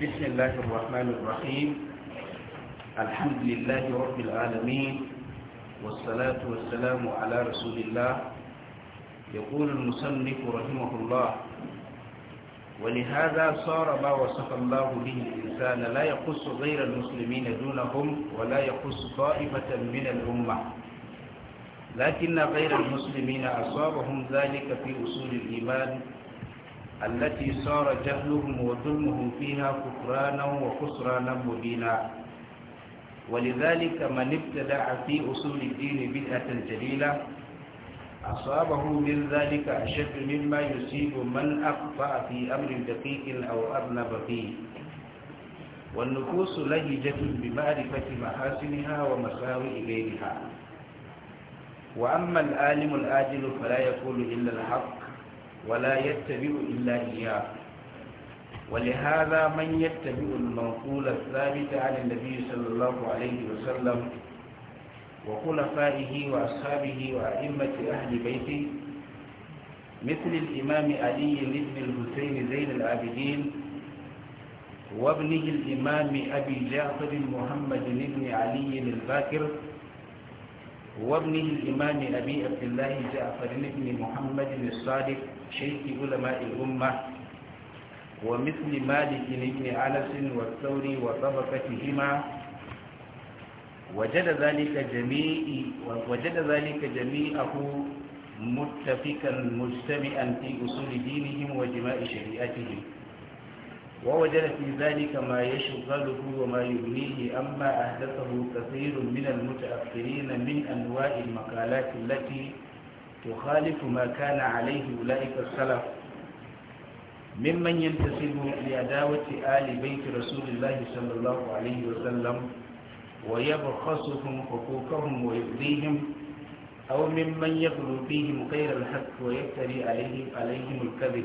بسم الله الرحمن الرحيم الحمد لله رب العالمين والصلاة والسلام على رسول الله يقول المصنف رحمه الله ولهذا صار ما وصف الله به الإنسان لا يقص غير المسلمين دونهم ولا يقص طائفة من الأمة لكن غير المسلمين أصابهم ذلك في أصول الإيمان التي صار جهلهم وظلمهم فيها كفرانا وخسرانا مبينا ولذلك من ابتدع في أصول الدين بدعة جليلة أصابه من ذلك أشد مما يصيب من أخطأ في أمر دقيق أو أرنب فيه والنفوس لججة بمعرفة محاسنها ومساوئ غيرها وأما العالم العاجل فلا يقول إلا الحق ولا يتبع إلا إياه ولهذا من يتبع المنقول الثابت عن النبي صلى الله عليه وسلم وخلفائه وأصحابه وأئمة أهل بيته مثل الإمام علي بن الحسين زين العابدين وابنه الإمام أبي جعفر محمد بن علي الباكر وابنه الإمام أبي عبد الله جعفر بن محمد الصادق شيخ علماء الأمة ومثل مالك بن أنس والثوري وطبقتهما وجد ذلك جميع وجد ذلك جميعه متفقا مجتمعا في أصول دينهم وجماع شريعتهم ووجد في ذلك ما يشغله وما يغنيه أما أحدثه كثير من المتأخرين من أنواع المقالات التي تخالف ما كان عليه أولئك السلف ممن ينتسب لعداوة آل بيت رسول الله صلى الله عليه وسلم ويبخسهم حقوقهم ويغنيهم أو ممن يغلو فيهم غير الحق ويفتري عليهم, عليهم الكذب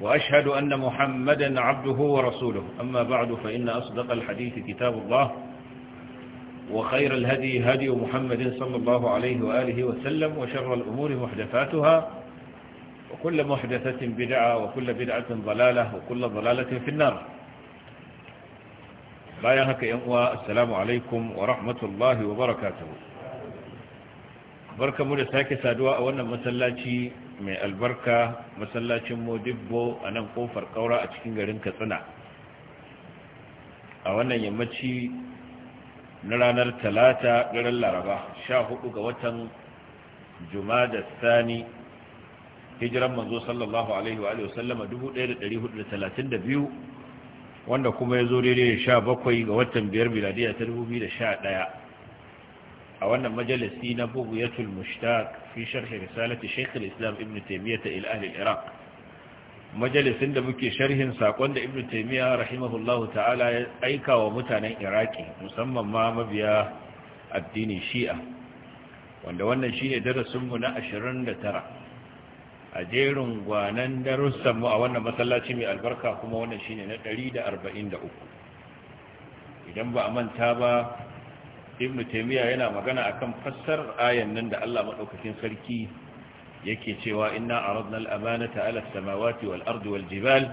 وأشهد أن محمدا عبده ورسوله أما بعد فإن أصدق الحديث كتاب الله وخير الهدي هدي محمد صلى الله عليه وآله وسلم وشر الأمور محدثاتها وكل محدثة بدعة وكل بدعة ضلالة وكل ضلالة في النار لا يهك يموى السلام عليكم ورحمة الله وبركاته بركة مدساك سادواء وانا مسلاتي mai albarka masallacin modibbo a nan kofar kaura a cikin garin katsina a wannan yammaci na ranar talata garin laraba sha hudu ga watan jumada sani hijiran manzo sallallahu alaihi wa sallama 1432 wanda kuma ya zo daidai sha bakwai ga watan biyar miladiya ta 2011 a wannan majalisi na ya mushtaq fi sharh risalati shaykh al-islam ibn taymiyyah ila ahli al-iraq majalisin da muke sharhin sakon da ibn taymiyyah rahimahullahu ta'ala ya aika wa mutanen iraki musamman ma mabiya addinin shi'a wanda wannan shine darasin mu na 29 a jerin gwanan darussan mu a wannan masallaci mai albarka kuma wannan shine na 143 idan ba a manta ba ibn taymiya yana magana akan fassar ayar nan da Allah madaukakin sarki yake cewa inna aradna al-amanata ala as-samawati wal-ardi wal-jibal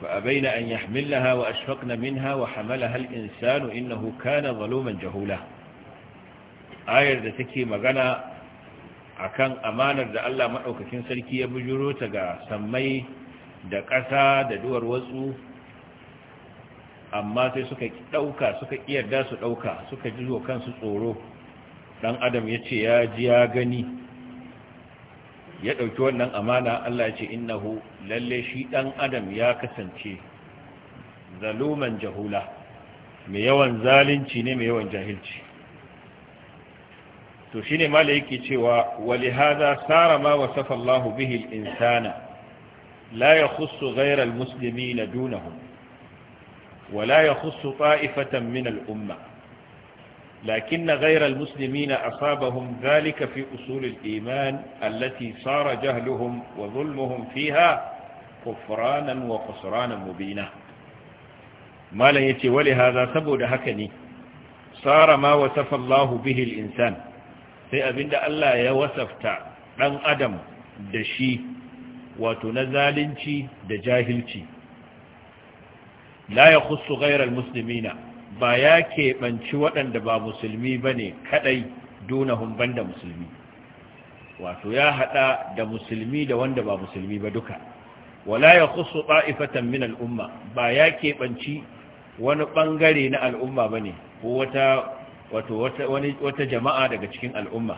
fa baina an yahmilaha wa na minha wa hamalaha al-insanu innahu kana zaluman jahula ayar da take magana akan amanar da Allah madaukakin sarki ya bujuro ta sammai da ƙasa da duwar amma sai suka ɗauka suka yarda su ɗauka suka ji wa kansu tsoro ɗan adam ya ce ya ji ya gani ya ɗauki wannan amana Allah ya ce innahu lalle shi ɗan adam ya kasance zaluman jahula mai yawan zalunci ne mai yawan jahilci to shine mala yake cewa wali haza sarama ma wasafa Bihil bihi insana la yakhussu ghayra na muslimina dunahum ولا يخص طائفة من الأمة لكن غير المسلمين أصابهم ذلك في أصول الإيمان التي صار جهلهم وظلمهم فيها كفرانا وخسرانا مبينا ما لا يتي ولهذا سبب هكني صار ما وصف الله به الإنسان سيأبند ألا يوسفت عن أدم دشي وتنزالنشي دجاهلشي la ya khussu ghairal muslimina ba ya keɓanci waɗanda ba musulmi ba ne kaɗai dunahun banda musulmi wato ya haɗa da musulmi da wanda ba musulmi ba duka wala ya khussu ta'ifatan min al'umma ba ya keɓanci wani ɓangare na al'umma ba ne ko wata wato wata jama'a daga cikin al'umma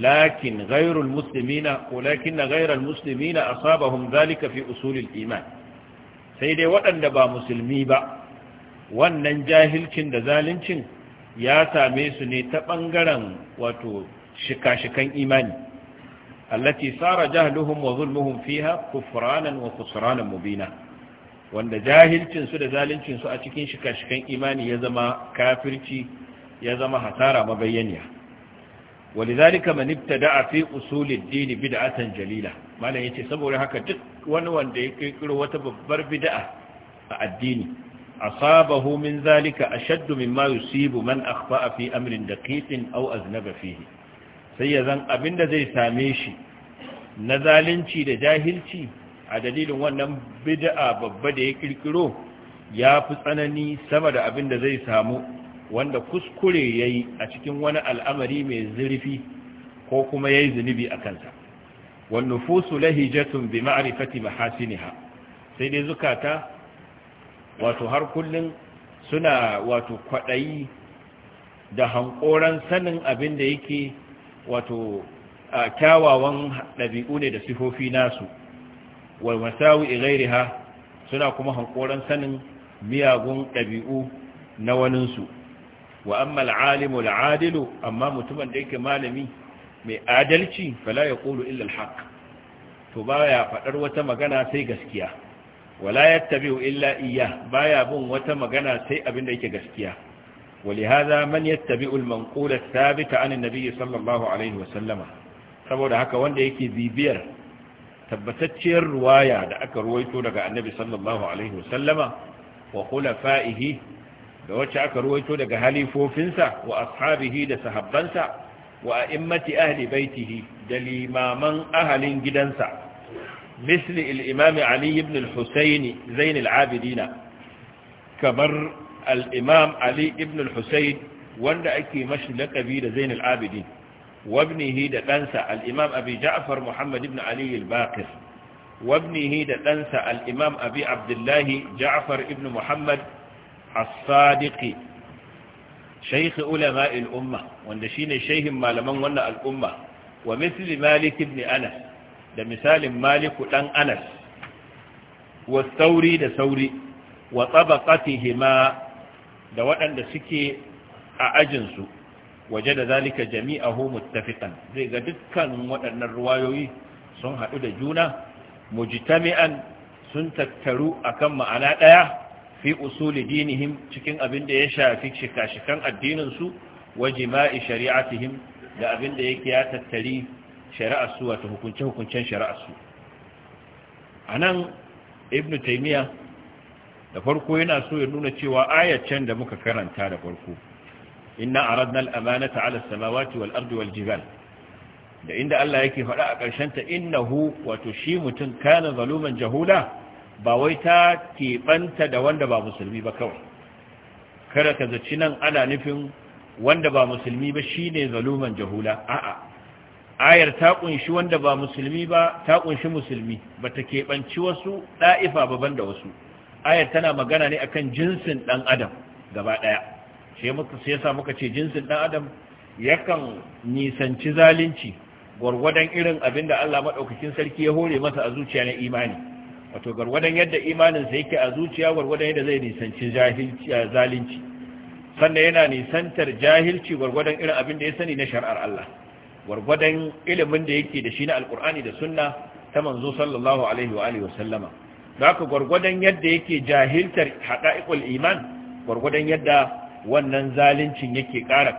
lakin ghairul muslimina ko lakin a saba asabahum zalika fi usulil iman sai dai waɗanda ba musulmi ba wannan jahilcin da zaluncin ya same su ne ta ɓangaren wato shika-shikan imani allati sara jahluhum wa zulmuhum fiha kufranan wa khusranan mubina wanda jahilcinsu da zaluncinsu a cikin shika-shikan imani ya zama kafirci ya zama hasara mabayyaniya ولذلك من ابتدع في أصول الدين asan jalila? malam ce saboda haka duk wani wanda ya kirkiro wata babbar bida'a a addini asabahu min zalika ashadd mimma yusibu man akhfa'a fi amrin daqiqin aw aznaba fihi sai yazan abinda zai same shi na zalunci da jahilci a dalilin wannan bid'a babba da ya kirkiro ya fi tsanani sama da abinda zai samu wanda kuskure yayi a cikin wani al'amari mai zurfi ko kuma yayi zunubi a kansa wan lahijatun bi ma'rifati mahasiniha sai dai zukata wato har kullun suna wato kwadayi da hankoran sanin abin da yake wato kyawawan ɗabi'u ne da sifofi nasu wa masawi ghairiha suna kuma hankoran sanin miyagun ɗabi'u na waninsu wa amma al'alimu al'adilu amma mutumin da yake malami mai adalci fala ya ƙulu illal haƙ to ba ya faɗar wata magana sai gaskiya wala ya tabi illa iya ba ya bin wata magana sai abin da yake gaskiya man من يتبع المنقول الثابت عن النبي صلى الله عليه وسلم saboda haka wanda yake bibiyar tabbatacciyar ruwaya da aka ruwaito daga annabi sallallahu alaihi wasallama wa da wacce aka ruwaito daga halifofinsa wa ashabihi da sahabbansa wa immati ahli baitihi da limaman ahalin gidansa misli al-imam ali ibn al-husayn zain al-abidin kamar al-imam ali ibn al-husayn wanda ake mashi laqabi da zain al-abidin وابنه دانسا الإمام أبي جعفر محمد بن علي الباقر وابنه دانسا الإمام abi عبد الله جعفر muhammad محمد الصادق shaykh ulama al-umma wanda shine shehin malaman wannan al'umma wa misli malik ibn anas da misalin Maliku dan anas wa sauri da sauri wa hima da waɗanda suke a ajinsu waje da zalika jami'a jami'ahu muttafiqan zai ga dukkan waɗannan ruwayoyi sun haɗu da juna mujtami'an sun tattaru akan ma'ana ɗaya fi usuli dinihim cikin abin da ya shafi shika-shikan addininsu wa jima'i shari'atihim da abin da yake ya tattari shari'arsu wata hukunce-hukuncen shari'arsu a nan ibn taimiyya da farko yana so ya nuna cewa ayacen da muka karanta da farko inna a al-amanata ala samawati wal wal jibal da inda Allah yake faɗa a ƙarshen ta innahu wato shi mutum kana zaluman jahula ba wai ta keɓanta da wanda ba musulmi ba kawai kada ka zaci nan ana nufin wanda ba musulmi ba shine zaluman jahula a'a ayar ta kunshi wanda ba musulmi ba ta ƙunshi musulmi bata keɓanci wasu ɗa'ifa baban da wasu ayar tana magana ne akan jinsin ɗan adam gaba ɗaya sai muka sai yasa muka ce jinsin ɗan adam yakan nisanci zalunci gwargwadon irin abin da Allah maɗaukakin sarki ya hore masa a zuciya na imani wato gwargwadon yadda imaninsa yake a zuciya gwargwadon yadda zai nisanci zalunci sannan yana nisantar jahilci gwargwadon irin abin da ya sani na shari'ar Allah gwargwadon ilimin da yake da shi na alkur'ani da sunna ta manzo sallallahu alaihi wa alihi da haka gwargwadon yadda yake jahiltar haqa'iqul iman gwargwadon yadda wannan zaluncin yake ƙara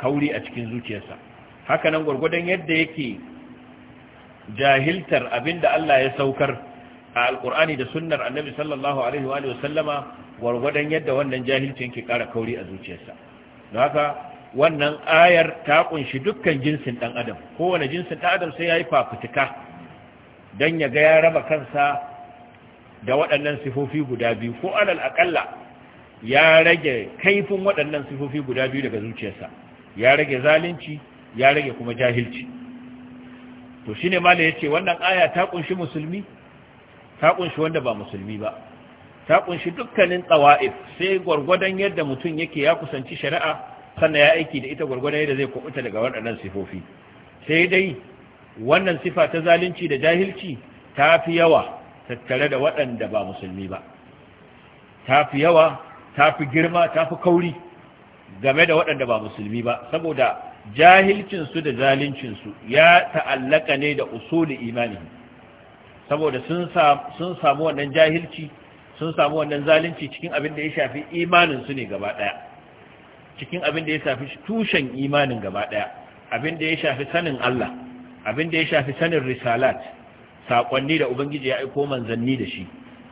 kauri a cikin zuciyarsa haka nan gwargwadon yadda yake jahiltar abin da Allah ya saukar a alkur'ani da sunnar annabi sallallahu alaihi wa sallama gwargwadon yadda wannan jahilcin ke kara kauri a zuciyarsa don haka wannan ayar ta kunshi dukkan jinsin dan adam kowane jinsin dan adam sai yayi fafutuka dan ya ga ya raba kansa da waɗannan sifofi guda biyu ko alal akalla, ya rage kaifin waɗannan sifofi guda biyu daga zuciyarsa ya rage zalunci ya rage kuma jahilci to shine mala yace wannan aya ta kunshi musulmi ta kunshi wanda ba musulmi ba ta kunshi dukkanin tsawa'if sai gwargwadon yadda mutum yake ya kusanci shari'a sannan ya aiki da ita gwargwadon yadda zai kubuta daga waɗannan sifofi sai dai wannan sifa ta zalunci da jahilci ta fi yawa tattare da waɗanda ba musulmi ba ta fi yawa ta fi girma ta fi kauri game da waɗanda ba musulmi ba saboda jahilcinsu da zaluncinsu ya ta'allaka ne da usuli imani saboda sun samu wannan jahilci sun samu wannan zalunci cikin abin da ya shafi imanin su ne gaba daya cikin abin da ya shafi tushen imanin gaba daya abin da ya shafi sanin Allah abin da ya shafi sanin risalat sakonni da ubangiji ya aiko manzanni da shi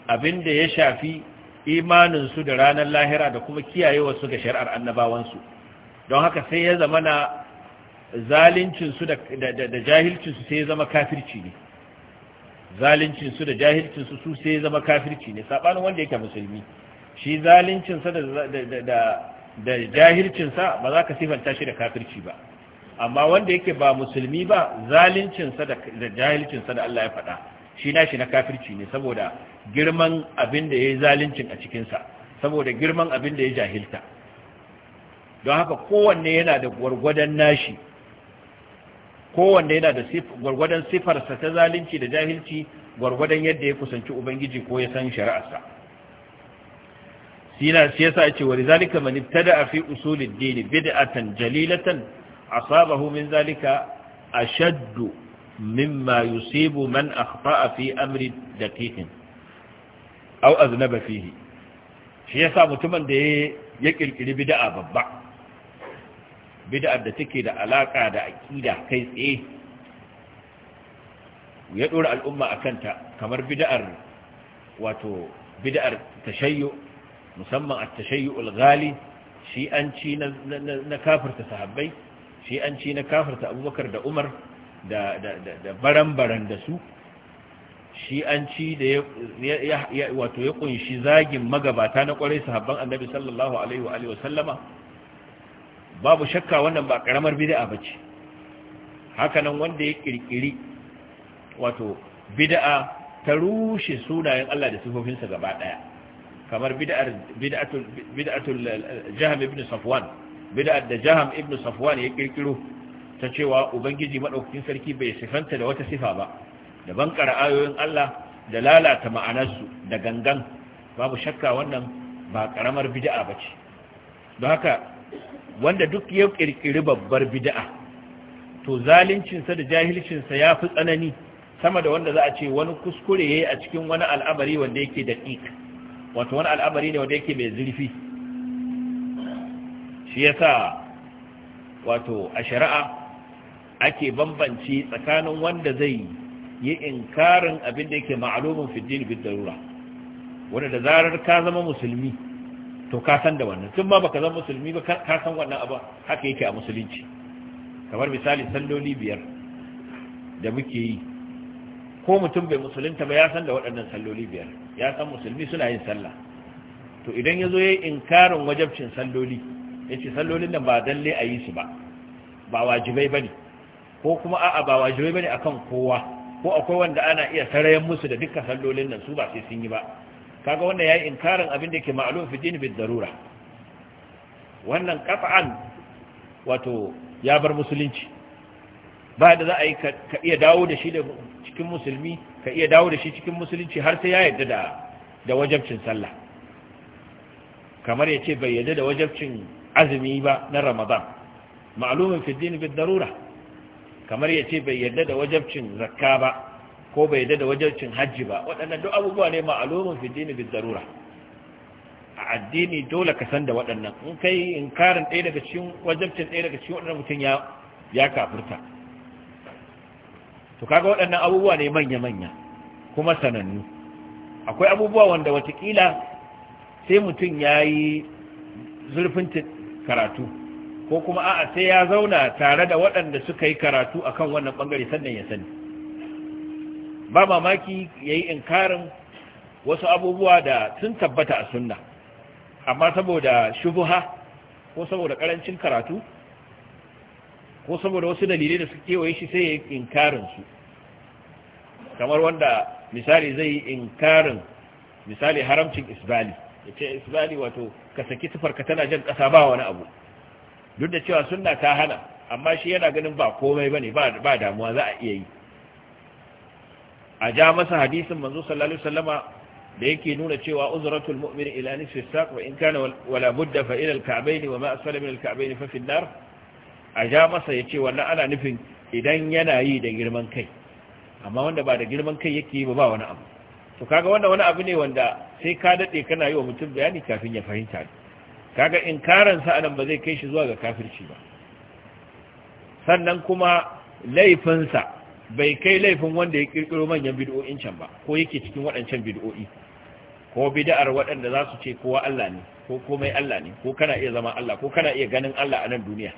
abin da ya shafi imanin su da ranar lahira da kuma kiyayewa su ga shari'ar annabawan su don haka sai ya zama na zalincin su da jahilcin su sai ya zama kafirci ne zalincin su da jahilcin su su sai zama kafirci ne sabanin wanda yake musulmi shi zalincin sa da da da jahilcin sa ba za ka sifanta shi da kafirci ba amma wanda yake ba musulmi ba zalincin sa da jahilcin sa da Allah ya faɗa shi nashi na kafirci ne saboda girman abin da yayi zalincin a cikin sa saboda girman abin da ya jahilta don haka kowanne yana da gwargwadon nashi kowanne yana da gwargwadon sifarsa ta zalunci da jahilci gwargwadon yadda ya kusanci ubangiji ko ya san shari'arsa sina shi yasa ce wa zalika man ibtada fi usulid din bid'atan jalilatan asabahu min zalika ashadd mimma yusibu man akhta'a fi amri daqiqin aw aznaba fihi shi yasa mutumin da ya kirkiri bid'a babba bid'ar da take da alaka da aqida kai tsaye ya dora al'umma akanta kamar bid'ar wato bid'ar tashayyu musamman at-tashayyu al-ghali shi an ci na na kafirta sahabbai shi an ci na kafirta Abubakar da Umar da da da baran-baran da su shi an ci da ya wato ya kunshi zagin magabata na ƙwarai, sahabban Annabi sallallahu alaihi wa alihi wa sallama babu shakka wannan ba karamar bid'a bace hakanan wanda ya kirkiri wato bid'a ta rushe sunayen Allah da sifofinsa gaba daya kamar bid'ar bid'atul bid'atul Jahm ibn Safwan bid'ar da Jahm ibn Safwan ya kirkiro ta cewa ubangiji madaukakin sarki bai sifanta da wata sifa ba da bankara ayoyin Allah da lalata ma'anarsu da gangan babu shakka wannan ba karamar bid'a bace don haka wanda duk ya kirkiri babbar bida'a, to zalincinsa da jahilcinsa ya fi tsanani sama da wanda za a ce wani kuskure ya yi a cikin wani al'amari wanda yake da ƙiƙ wato wani al'amari ne wanda yake mai zurfi shi ya sa wato a shari'a ake bambanci tsakanin wanda zai yi inkarin abin da yake ma'alumin fiddin bid darura wanda da zarar ka zama musulmi to ka san da wannan tun ma baka zan musulmi ba ka san wannan abu haka yake a musulunci kamar misali salloli biyar da muke yi ko mutum bai musulunta ba ya san da waɗannan salloli biyar ya san musulmi suna yin sallah to idan ya zo ya yi inkarin wajabcin salloli ya ce sallolin nan ba dalle a yi su ba ba wajibai ba ne ko kuma a'a ba wajibai ba ne a kan kowa ko akwai wanda ana iya sarayen musu da dukkan sallolin nan su ba sai sun yi ba kaga wannan yayi inkarin abin da yake ma'lum fi din darura wannan qat'an wato ya bar musulunci ba da za a yi ka iya dawo da shi da cikin musulmi ka iya dawo da shi cikin musulunci har sai ya yarda da da wajabcin sallah kamar ya ce bai yarda da wajabcin azumi ba na ramadan ma'lumin fi din darura kamar ya ce bai yarda da wajabcin zakka ba ko bai yadda da wajabcin hajji ba waɗannan duk abubuwa ne ma'alumin fi dini bi zarura a addini dole ka san da waɗannan in kai inkarin ɗaya daga cikin wajabcin ɗaya daga cikin waɗannan mutum ya ya kafirta to kaga waɗannan abubuwa ne manya manya kuma sanannu akwai abubuwa wanda watakila sai mutum ya yi zurfin karatu ko kuma a'a sai ya zauna tare da waɗanda suka yi karatu akan wannan bangare sannan ya sani ba mamaki ya yi inkarin wasu abubuwa da sun tabbata a sunna amma saboda shubuha ko saboda karancin karatu ko saboda wasu dalilai da suke kewaye shi sai ya yi inkarinsu kamar wanda misali zai yi inkarin misali haramcin isbali ya ce isbali wato ka saki tufarka tana jan ƙasa ba wani abu duk da cewa sunna ta hana amma shi yana ganin ba komai ba ba damuwa za a iya yi a ja masa hadisin manzo sallallahu alaihi wasallama da yake nuna cewa uzratul mu'min ila nisfi saq wa in kana wala budda fa ila al-ka'bayn wa ma asfala min al-ka'bayn fa fi an-nar a ja masa yace wannan ana nufin idan yana yi da girman kai amma wanda ba da girman kai yake yi ba ba wani abu to kaga wannan wani abu ne wanda sai ka dade kana yi wa mutum bayani kafin ya fahimta kaga inkaran sa anan ba zai kai shi zuwa ga kafirci ba sannan kuma laifinsa bai kai laifin wanda ya kirkiro manyan bid'o'in can ba ko yake cikin waɗancan bid'o'i ko bid'ar waɗanda za su ce kowa Allah ne ko komai Allah ne ko kana iya zama Allah ko kana iya ganin Allah a nan duniya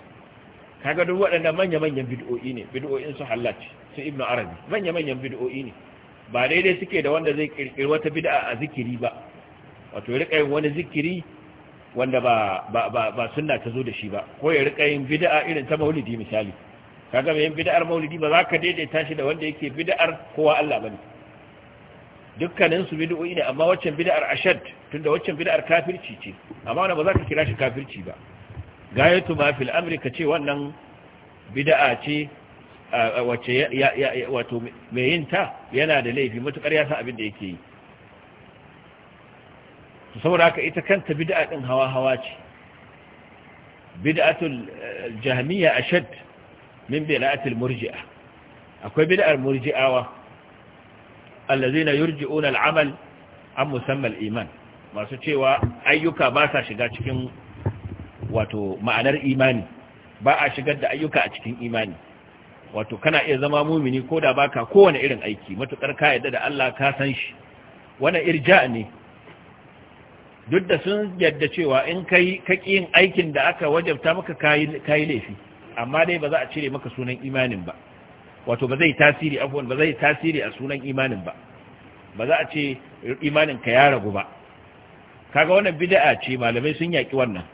kaga duk waɗanda manya-manyan bid'o'i ne bid'o'in su halat su ibnu arabi manya-manyan bid'o'i ne ba daidai suke da wanda zai kirkiro wata bid'a a zikiri ba wato ya rika yin wani zikiri wanda ba ba ba sunna ta zo da shi ba ko ya rika yin bid'a irin ta maulidi misali kaga mai bid'ar maulidi ba za ka daidaita shi da wanda yake bid'ar kowa Allah bane dukkanin su bid'o'i ne amma waccan bid'ar ashad tunda waccan bid'ar kafirci ce amma wannan ba za ka kira shi kafirci ba gayatu ma fil amri ce wannan bid'a ce wacce wato mai yin ta yana da laifi matukar ya san abin da yake yi saboda haka ita kanta bid'a din hawa hawa ce bid'atul eh, jahmiya ashad min bid'atil murji'a akwai bid'ar murji'awa allazina yurji'una al'amal an musamman iman masu cewa ayyuka ba sa shiga cikin wato ma'anar imani ba a shigar da ayyuka a cikin imani wato kana iya zama mumini ko da baka kowane irin aiki matukar ka yadda da Allah ka san shi wannan irja ne duk da sun yadda cewa in kai ka yin aikin da aka wajabta maka kai laifi amma dai ba za a cire maka sunan imanin ba wato ba zai tasiri abuwan ba zai tasiri a sunan imanin ba ba za a ce imanin ka ya ragu ba kaga wannan bid'a ce malamai sun yaki wannan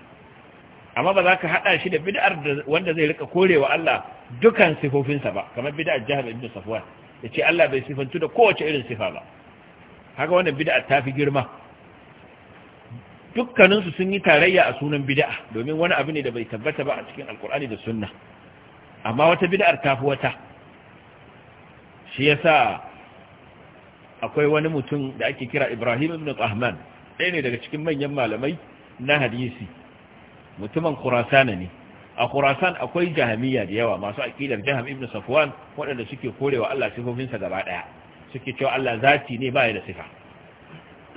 amma ba za ka hada shi da bid'ar wanda zai rika korewa Allah dukan sifofinsa ba kamar bid'ar jahar ibn safwan yace Allah bai sifantu da kowace irin sifa ba kaga wannan bid'a ta fi girma dukkaninsu sun yi tarayya a sunan bida'a domin wani abu ne da bai tabbata ba a cikin alkur'ani da sunna amma wata bida'ar ta fi wata shi yasa akwai wani mutum da ake kira Ibrahim ibn Qahman ɗaya ne daga cikin manyan malamai na hadisi mutumin Khurasana ne a kurasan akwai jahamiya da yawa masu aqidar Jaham ibn Safwan waɗanda suke korewa Allah sifofinsa gaba ɗaya suke cewa Allah zati ne ba da sifa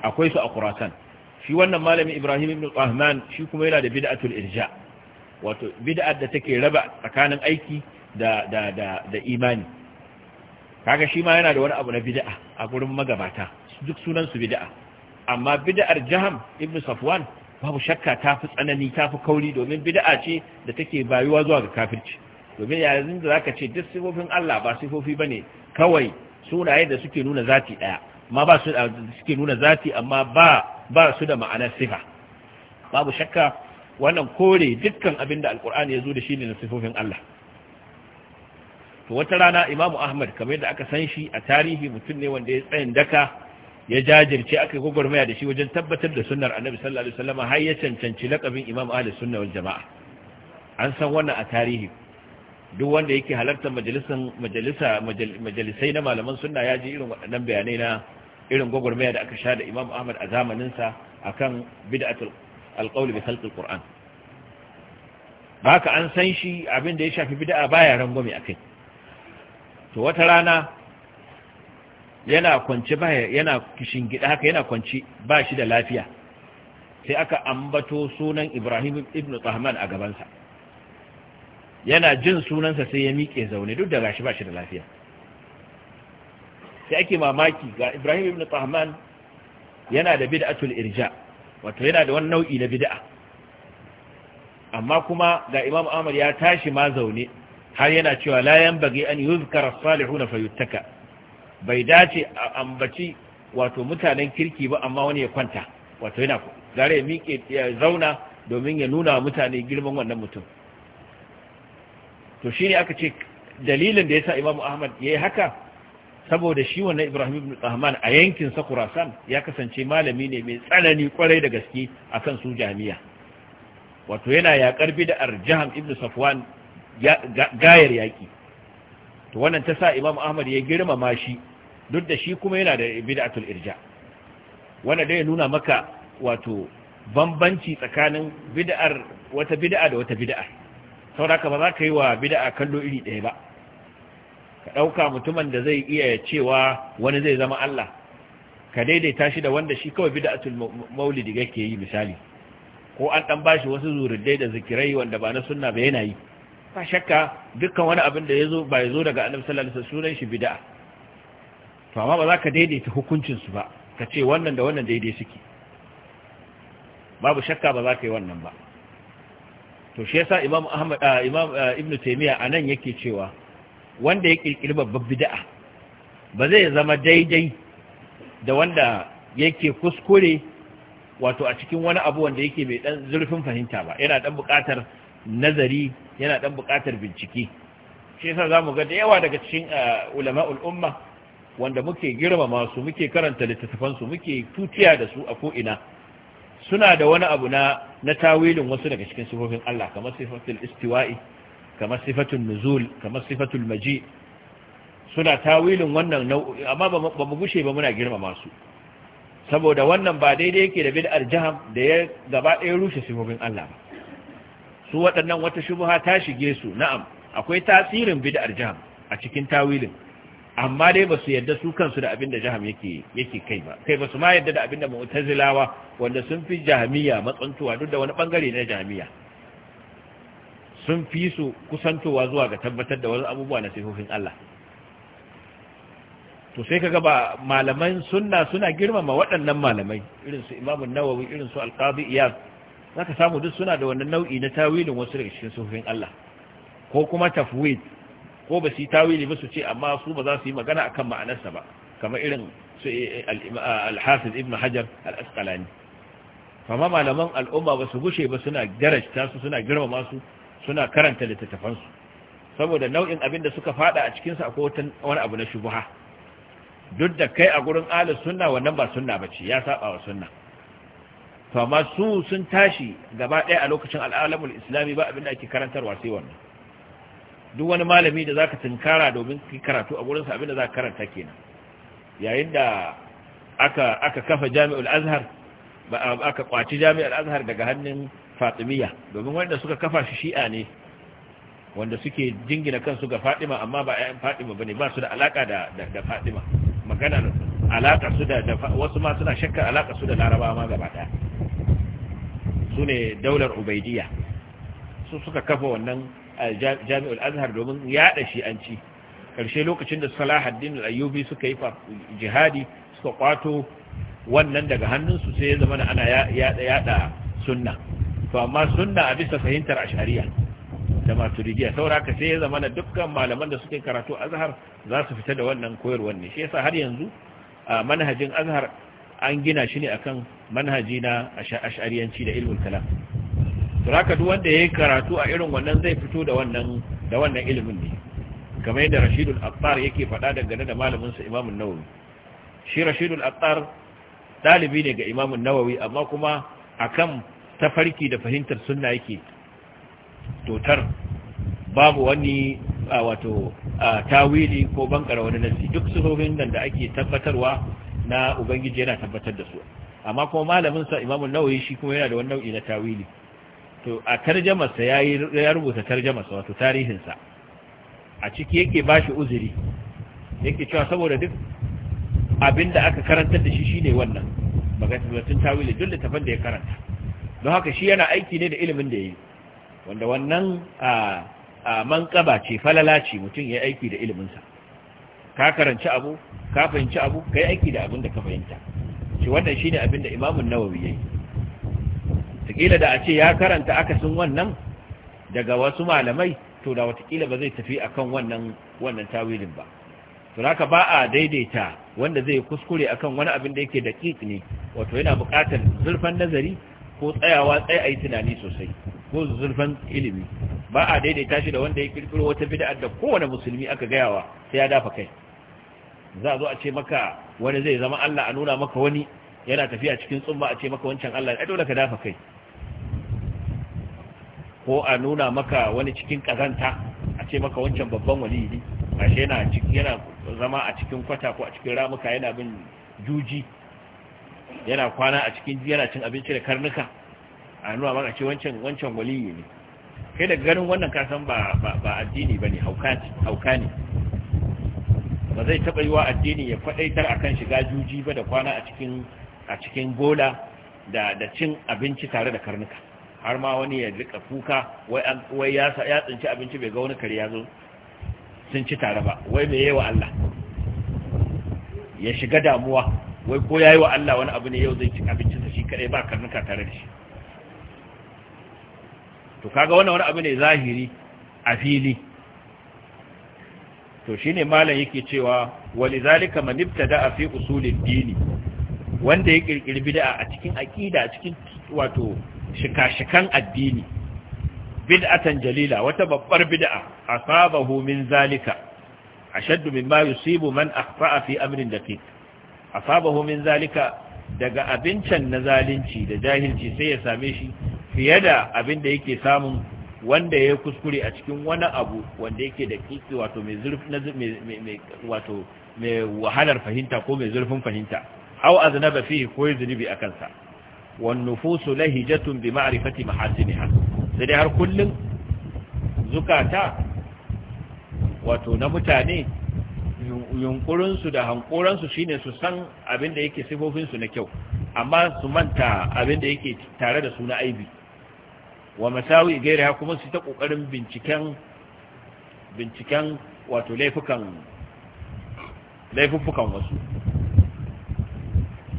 akwai su a kurasan. shi wannan malami Ibrahim ibn Qahman shi kuma yana da bid'atul irja wato bid'ar da take raba tsakanin aiki da da da da imani kaga shi ma yana da wani abu na bid'a a gurin magabata duk sunan su bid'a amma bid'ar Jaham ibn Safwan babu shakka ta fi tsanani ta fi kauri domin bid'a ce da take bayuwa zuwa ga kafirci domin yayin da zaka ce duk sifofin Allah ba sifofi bane kawai sunaye da suke nuna zati daya ma ba su suke nuna zati amma ba su da ma'anar sifa babu shakka wannan kore dukkan abin da alkur'ani ya zo da shi ne na sifofin Allah to wata rana imamu ahmad kamar yadda aka san shi a tarihi mutum ne wanda ya tsayin daka ya jajirce aka gwagwarmaya da shi wajen tabbatar da sunnar annabi sallallahu alaihi wasallam har ya cancanci lakabin imam ahli sunna wal jama'a an san wannan a tarihi duk wanda yake halarta majalisan majalisa majalisai na malaman sunna ya ji irin waɗannan bayanai na irin gwagwarmaya da aka sha da Imam Ahmad a zamanin sa akan bid'atul alqawl bi khalqil Qur'an baka an san shi abin da ya shafi bid'a baya rangwame akai to wata rana yana kwance ba yana kishin gida haka yana kwance ba shi da lafiya sai aka ambato sunan Ibrahim ibn Tahman a gabansa yana jin sunansa sai ya miƙe zaune duk da gashi ba shi da lafiya sai ake mamaki ga Ibrahim ibn Tahman yana da bid'atul irja wato yana da wani nau'i na bid'a amma kuma ga Imam Ahmad ya tashi ma zaune har yana cewa la yanbaghi an yuzkara salihun fayuttaka bai dace ambaci wato mutanen kirki ba amma wani ya kwanta wato yana gare miƙe ya zauna domin ya nuna mutane girman wannan mutum to shi ne aka ce dalilin da ya sa imamu ahmad ya yi haka saboda shi wannan ibrahim ibn tsahman a yankin Sakurasan, ya kasance malami ne mai tsanani kwarai da gaske a kan su jami'a wato yana yakar bid'ar jaham ibn safwan gayar yaki to wannan ta sa imamu ahmad ya girmama shi duk da shi kuma yana da bid'atul irja wanda dai nuna maka wato bambanci tsakanin bid'ar wata bid'a da wata bid'a sauraka ba za ka yi wa bid'a kallo iri ɗaya ba ka ɗauka mutumin da zai iya cewa wani zai zama Allah ka daidaita shi da wanda shi kawai bid'atul maulidi yake yi misali ko an dan bashi wasu zuruddai da zikirai wanda ba na sunna ba yana yi ba shakka dukkan wani abin da yazo ba yazo daga annabi sallallahu alaihi wasallam shi bid'a to amma ba za ka daidaita hukuncin su ba ka ce wannan da wannan daidai suke babu shakka ba za ka yi wannan ba to shi yasa imam ahmad ah, imam ah, ibn taymiya anan yake cewa wanda ya kirkiri babbar bid'a ba zai zama daidai da wanda yake kuskure wato a cikin wani abu wanda yake mai dan zurfin fahimta ba yana dan buƙatar nazari yana dan buƙatar bincike shi yasa zamu ga da yawa daga cikin ah, ul umma wanda muke girmama su muke karanta littattafan su muke tutiya da su a ko ina suna da wani abu na na tawilin wasu daga cikin sifofin Allah kamar sifatul istiwa'i kamar sifatul nuzul kamar sifatul maji suna tawilin wannan nau'i amma ba mu gushe ba muna girmama su saboda wannan ba daidai yake da bid'ar jaham da ya gaba ɗaya rushe sifofin Allah ba su waɗannan wata shubuha ta shige su na'am akwai tasirin bid'ar jaham a cikin tawilin amma dai ba su yadda su kansu da abin da jaham yake yake kai ba kai ba su ma yadda da abin da mu'tazilawa wanda sun fi jahamiya matsantuwa duk da wani bangare na jahamiya sun fi su kusantowa zuwa ga tabbatar da wasu abubuwa na sifofin Allah to sai kaga ba malaman sunna suna girmama waɗannan malamai irin su Imam nawawi irin su Al-Qadi Iyad zaka samu duk suna da wannan nau'i na tawilin wasu daga cikin sifofin Allah ko kuma tafwid ko ba su yi tawili ba su ce amma su ba za su yi magana akan ma'anarsa ba kamar irin su eh, eh, ah, ibn hajar al-asqalani fama malaman al'umma ba su gushe ba suna darajta su suna girmama su suna karanta littattafansu saboda nau'in abin da suka fada a cikinsa akwai wani abu na shubuha duk da kai a gurin alis sunna wannan ba ba ce ya saba wa suna. to amma su sun tashi gaba ɗaya a lokacin al'alamul islami ba abin da ake karantarwa sai wannan duk wani malami da zaka tunkara domin ki karatu a sa abinda zaka karanta kenan yayin da aka aka kafa Jami'ul Azhar aka kwaci Jami'ul Azhar daga hannun Fatimiyya domin wanda suka kafa shi Shi'a ne wanda suke jingina kansu ga Fatima amma ba ayyan Fatima bane ba su da alaka da da Fatima magana alaka su da wasu ma suna shakka alaka su da Larabawa ma gaba daya sune daular Ubaidiyya su suka kafa wannan jami'ul azhar domin yaɗa ci. karshe lokacin da salahaddin ayyubi suka yi jihadi suka kwato wannan daga hannunsu sai ya zama ana yada yada sunna to amma sunna a bisa fahimtar ashariya da maturidiya sauraka sai ya zama dukkan malaman da suke karatu azhar za su fita da wannan koyarwar ne shi yasa har yanzu a manhajin azhar an gina shi ne akan manhaji na ashariyanci da ilmul kalam to duk wanda ya yi karatu a irin wannan zai fito da wannan da wannan ilimin ne kamar yadda Rashidul Attar yake faɗa dangane da malaminsa imamun nawawi shi Rashidul Attar ɗalibi ne ga imamun nawawi amma kuma a kan tafarki da fahimtar sunna yake totar babu wani wato tawili ko bankara wani nasi duk suhohin nan da ake tabbatarwa na ubangiji yana tabbatar da su amma kuma malaminsa imamun nawawi shi kuma yana da wani nau'i na tawili to a tarjamarsa ya rubuta tarjamarsa wato tarihinsa a ciki yake ba shi uzuri yake cewa saboda duk abin da aka karantar da shi shi ne wannan magatun tawili duk littafin da ya karanta don haka shi yana aiki ne da ilimin da ya yi wanda wannan a mankaba ce falala ce mutum ya aiki da iliminsa ka karanci abu ka fahimci abu ka yi aiki da abin da ka fahimta shi wannan shi ne abin da imamun nawawi ya yi Watakila da a ce ya karanta akasin wannan daga wasu malamai to da watakila ba zai tafi akan wannan wannan tawilin ba to haka ba a daidaita wanda zai kuskure akan wani abin da yake daqiq ne wato yana buƙatar zurfan nazari ko tsayawa tsaye a yi tunani sosai ko zurfan ilimi ba a daidaita shi da wanda ya kirkiro wata bid'a da kowane musulmi aka gayawa sai ya dafa kai za a zo a ce maka wani zai zama Allah a nuna maka wani yana tafiya cikin tsumma a ce maka wancan Allah ai dole ka dafa kai ko a nuna maka wani cikin kazanta a ce maka wancan babban wali ne shi yana cikin zama a cikin kwata ko a cikin ramuka yana bin juji yana kwana a cikin yana cin abinci da karnuka a nuna maka ce wancan wancan ne kai daga ganin wannan kasan ba ba addini bane ne, hauka ne ba zai taɓa yi wa addini ya faɗaitar akan shiga juji ba da kwana a cikin a cikin da da cin abinci tare da karnuka har ma wani ya rika kuka wai ya tsinci abinci bai ga wani kare ya zo sun ci tare ba wai mai yawa Allah ya shiga damuwa wai ko ya yi wa Allah wani abu ne yau zai ci abincinsa shi kadai ba karnuka tare da shi to kaga wannan wani abu ne zahiri a fili to shine malam yake cewa walizalika man ibtada fi usulid dini wanda ya kirkiri bid'a a cikin aqida a cikin wato shikashikan addini bid'atan jalila wata babbar bid'a asabahu min zalika ashaddu mimma yusibu man akhfa'a fi amrin daqiq asabahu min zalika daga abincan na zalunci da jahilci sai ya same shi fiye da abin da yake samun wanda ya kuskure a cikin wani abu wanda yake da kiki wato mai zurfin wato mai wahalar fahimta ko mai zurfin fahimta aw aznaba fihi ko zunubi a kansa. wan nufusu lahijatun bi ma'rifati mahasiniha sai dai har kullun zukata wato na mutane yunkurin su da hankoran su shine su san abin da yake sifofin su na kyau amma su manta abin da yake tare da su na aibi wa masawi gairaha kuma su ta kokarin binciken binciken wato laifukan wasu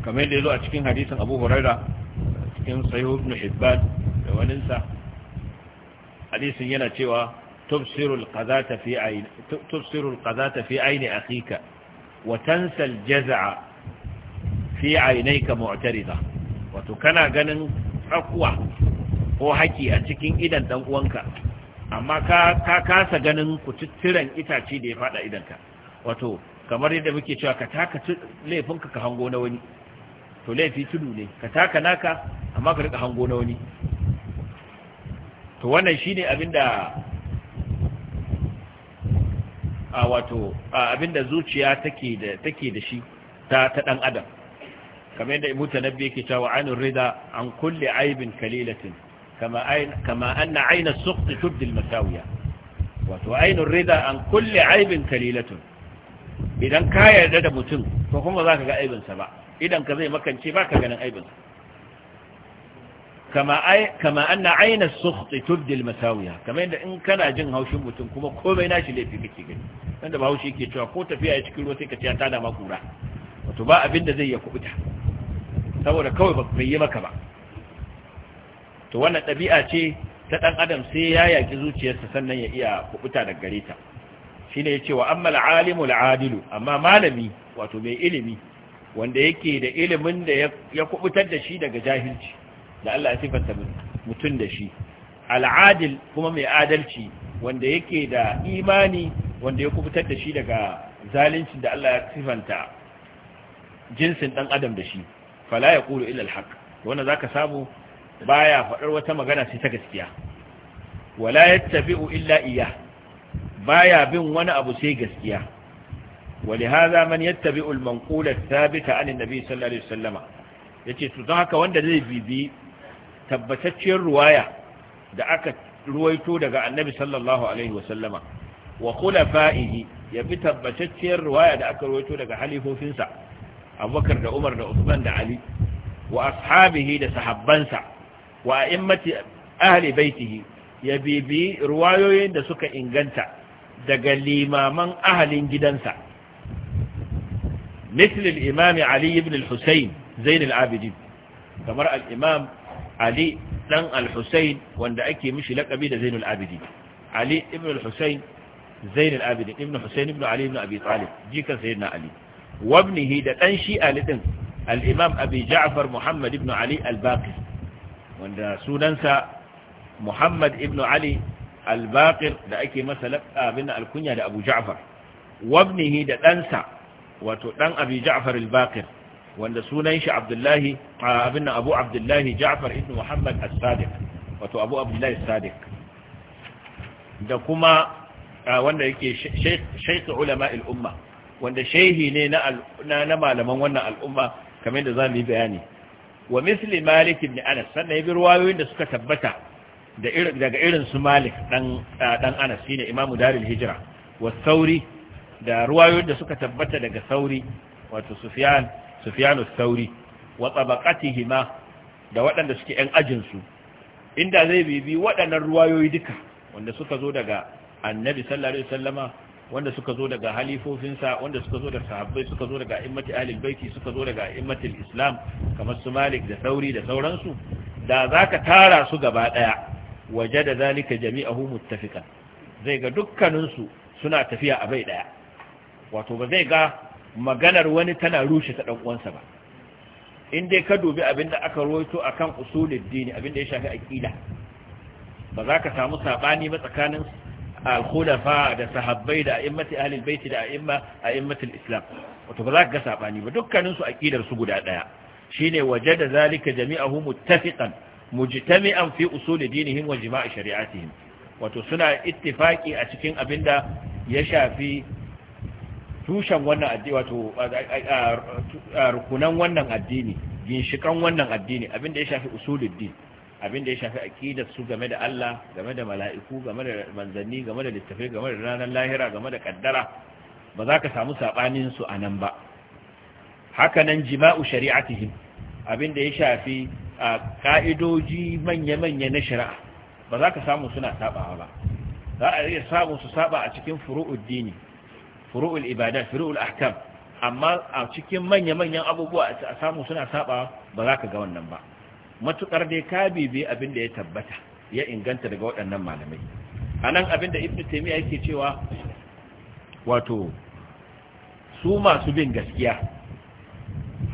kamar yadda a cikin hadisin abu huraira cikin sayo ibn hibban da waninsa hadisin yana cewa tubsirul qazata fi ayni tubsirul qazata fi ayni akhika wa tansa al-jaz'a fi mu'tarida wato kana ganin tsakuwa ko haki a cikin idan dan uwanka amma ka ka kasa ganin kututturen itace da ya fada idanka wato kamar yadda muke cewa ka taka laifinka ka hango na wani to laifi tudu ne ka taka naka amma ka rika hango na wani to wannan shine abinda a wato abinda zuciya take da take da shi ta ta dan adam kamar yadda Ibnu Tanabbi yake cewa anur rida an kulli aibin kalilatin kama ayn kama anna ayna as-suqt tubdi al-masawiya wato aynur rida an kulli aibin kalilatin idan ka yarda da mutum to kuma zaka ga aibin sa ba idan ka zai makance ba ka ganin aibin kama na aina sukhti tubdil masawiya kama yadda in kana jin haushin mutum kuma komai nashi laifi kake gani wanda ba haushi yake cewa ko tafiya ya cikin ruwa sai ka ce ta da makura wato ba abin da zai ya kubuta saboda kawai ba bai yi maka ba to wannan ɗabi'a ce ta ɗan adam sai ya yaƙi zuciyarsa sannan ya iya kubuta da gare ta shine yace wa amma al-alimu adilu amma malami wato mai ilimi wanda yake da ilimin da ya kubutar da shi daga jahilci da Allah ya sifanta mutum da shi al'adil kuma mai adalci wanda yake da imani wanda ya kubutar da shi daga zalincin da Allah ya sifanta jinsin dan adam da shi fala ya kulu illa alhaq wanda zaka samu baya faɗar wata magana sai ta gaskiya wala yattabi'u illa iyyah baya bin wani abu sai gaskiya ولهذا من يتبع المنقول الثابت عن النبي صلى الله عليه وسلم yace to don haka wanda zai bibi tabbatacciyar ruwaya da aka ruwaito daga annabi sallallahu alaihi wasallama wa khulafa'ihi ya bi tabbatacciyar ruwaya da aka ruwaito daga halifofinsa abubakar da umar da usman da ali wa ashabihi da sahabbansa wa a'immati ahli baitihi ya bibi ruwayoyin da suka inganta daga limaman ahalin gidansa مثل الإمام علي بن الحسين زين العابدين كما الإمام علي دان الحسين وند أكي مشي لقبي زين العابدين علي بن الحسين زين العابدين ابن حسين بن علي بن أبي طالب جيكا سيدنا علي وابنه دا تنشي آلتن الإمام أبي جعفر محمد بن علي الباقر وند سودانسا محمد بن علي الباقر دا أكي مثلا بنا الكنيا دا أبو جعفر وابنه دا تنسى wato dan abi ja'far al-baqir wanda sunan shi abdullahi abin abu abdullahi ja'far ibn muhammad as-sadiq wato abu abdullahi as-sadiq da kuma wanda yake shaykh ulama al-umma wanda shehi ne na na malaman wannan al'umma kamar da zamu yi bayani wa misli malik ibn anas sannan bi ruwayoyin da suka tabbata daga irin su malik dan dan anas shine imamu darul hijra wa sauri da ruwayoyin da suka tabbata daga sauri wato sufyan sufyanu sauri wa tabaqatihima da waɗanda suke ƴan ajin su inda zai bibi waɗannan ruwayoyi duka wanda suka zo daga annabi sallallahu alaihi wasallama wanda suka zo daga halifofinsa wanda suka zo daga sahabbai suka zo daga immati ahlul baiti suka zo daga immatil islam kamar su malik da sauri da sauransu da zaka tara su gaba daya wajada zalika jami'ahu muttafiqan zai ga dukkanin su suna tafiya a bai daya wato ba zai ga maganar wani tana rushe ta dan uwansa ba in dai ka dubi abinda aka a kan usulul dini abinda ya shafi aƙila. ba za ka samu saɓani ba tsakanin al-khulafa da sahabbai da a'immati ahlul bait da a'imma a'immatul islam wato ba za ka ga sabani ba dukkanin su aqidar su guda ɗaya shine da zalika jami'ahum muttafiqan mujtami'an fi usuli dinihim wa jima'i shari'atihim wato suna ittifaki a cikin abinda ya shafi tushen wannan addini wato rukunan wannan addini ginshikan wannan addini abinda ya shafi usuluddin abin da ya shafi aqidar su game da Allah game da mala'iku game da manzanni game da littafai game da ranar lahira game da kaddara ba za ka samu sabanin su anan ba haka nan jima'u shari'atihim abin da ya shafi ka'idoji manya-manya na shari'a ba za ka samu suna sabawa ba za a iya samu su saba a cikin furu'uddini furu'ul ibadat furu'ul ahkam amma a cikin manya-manyan abubuwa a samu suna saba ba za ka ga wannan ba Matuƙar dai ka bibi abin da ya tabbata ya inganta daga waɗannan malamai a nan abin da ibn taimiyya yake cewa wato su masu bin gaskiya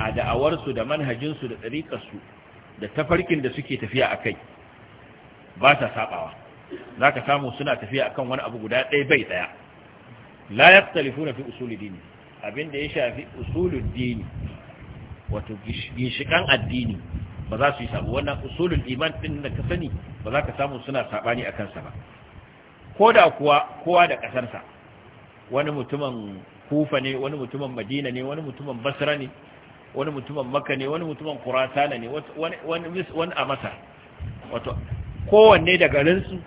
a da'awarsu da manhajinsu da ɗariƙarsu da tafarkin da suke tafiya a kai ba sa saɓawa za ka samu suna tafiya akan wani abu guda ɗaya bai ɗaya la na fi usuli dini abinda ya shafi usulun dini wato ginshikan addini ba za su yi sabu wannan usulun iman din da ka sani ba za ka samu suna sabani akan sa ba ko da kuwa kowa da kasarsa wani mutumin kufa ne wani mutumin madina ne wani mutumin basra ne wani mutumin makka ne wani mutumin kurasana ne wani a Masar, wato kowanne da garinsu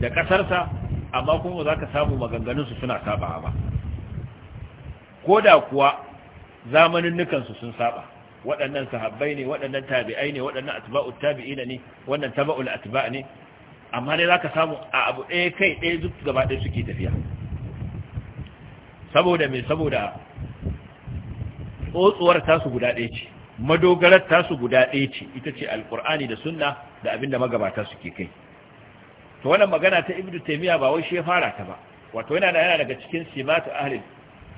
da kasarsa amma kuma za ka samu maganganunsu suna saba ba ko da kuwa zamaninnukansu sun saba waɗannan sahabbai ne waɗannan tabi'ai ne waɗannan atba'u tabi'ina ne wannan taba'ul atba' ne amma dai zaka samu a abu ɗaya kai ɗaya duk gaba ɗaya suke tafiya saboda me saboda tsotsuwar su guda ɗaya ce madogarar su guda ɗaya ce ita ce alƙur'ani da sunna da abinda magabata suke kai to wannan magana ta ibnu taymiya ba wai shi ya fara ta ba wato yana da yana daga cikin simatu ahli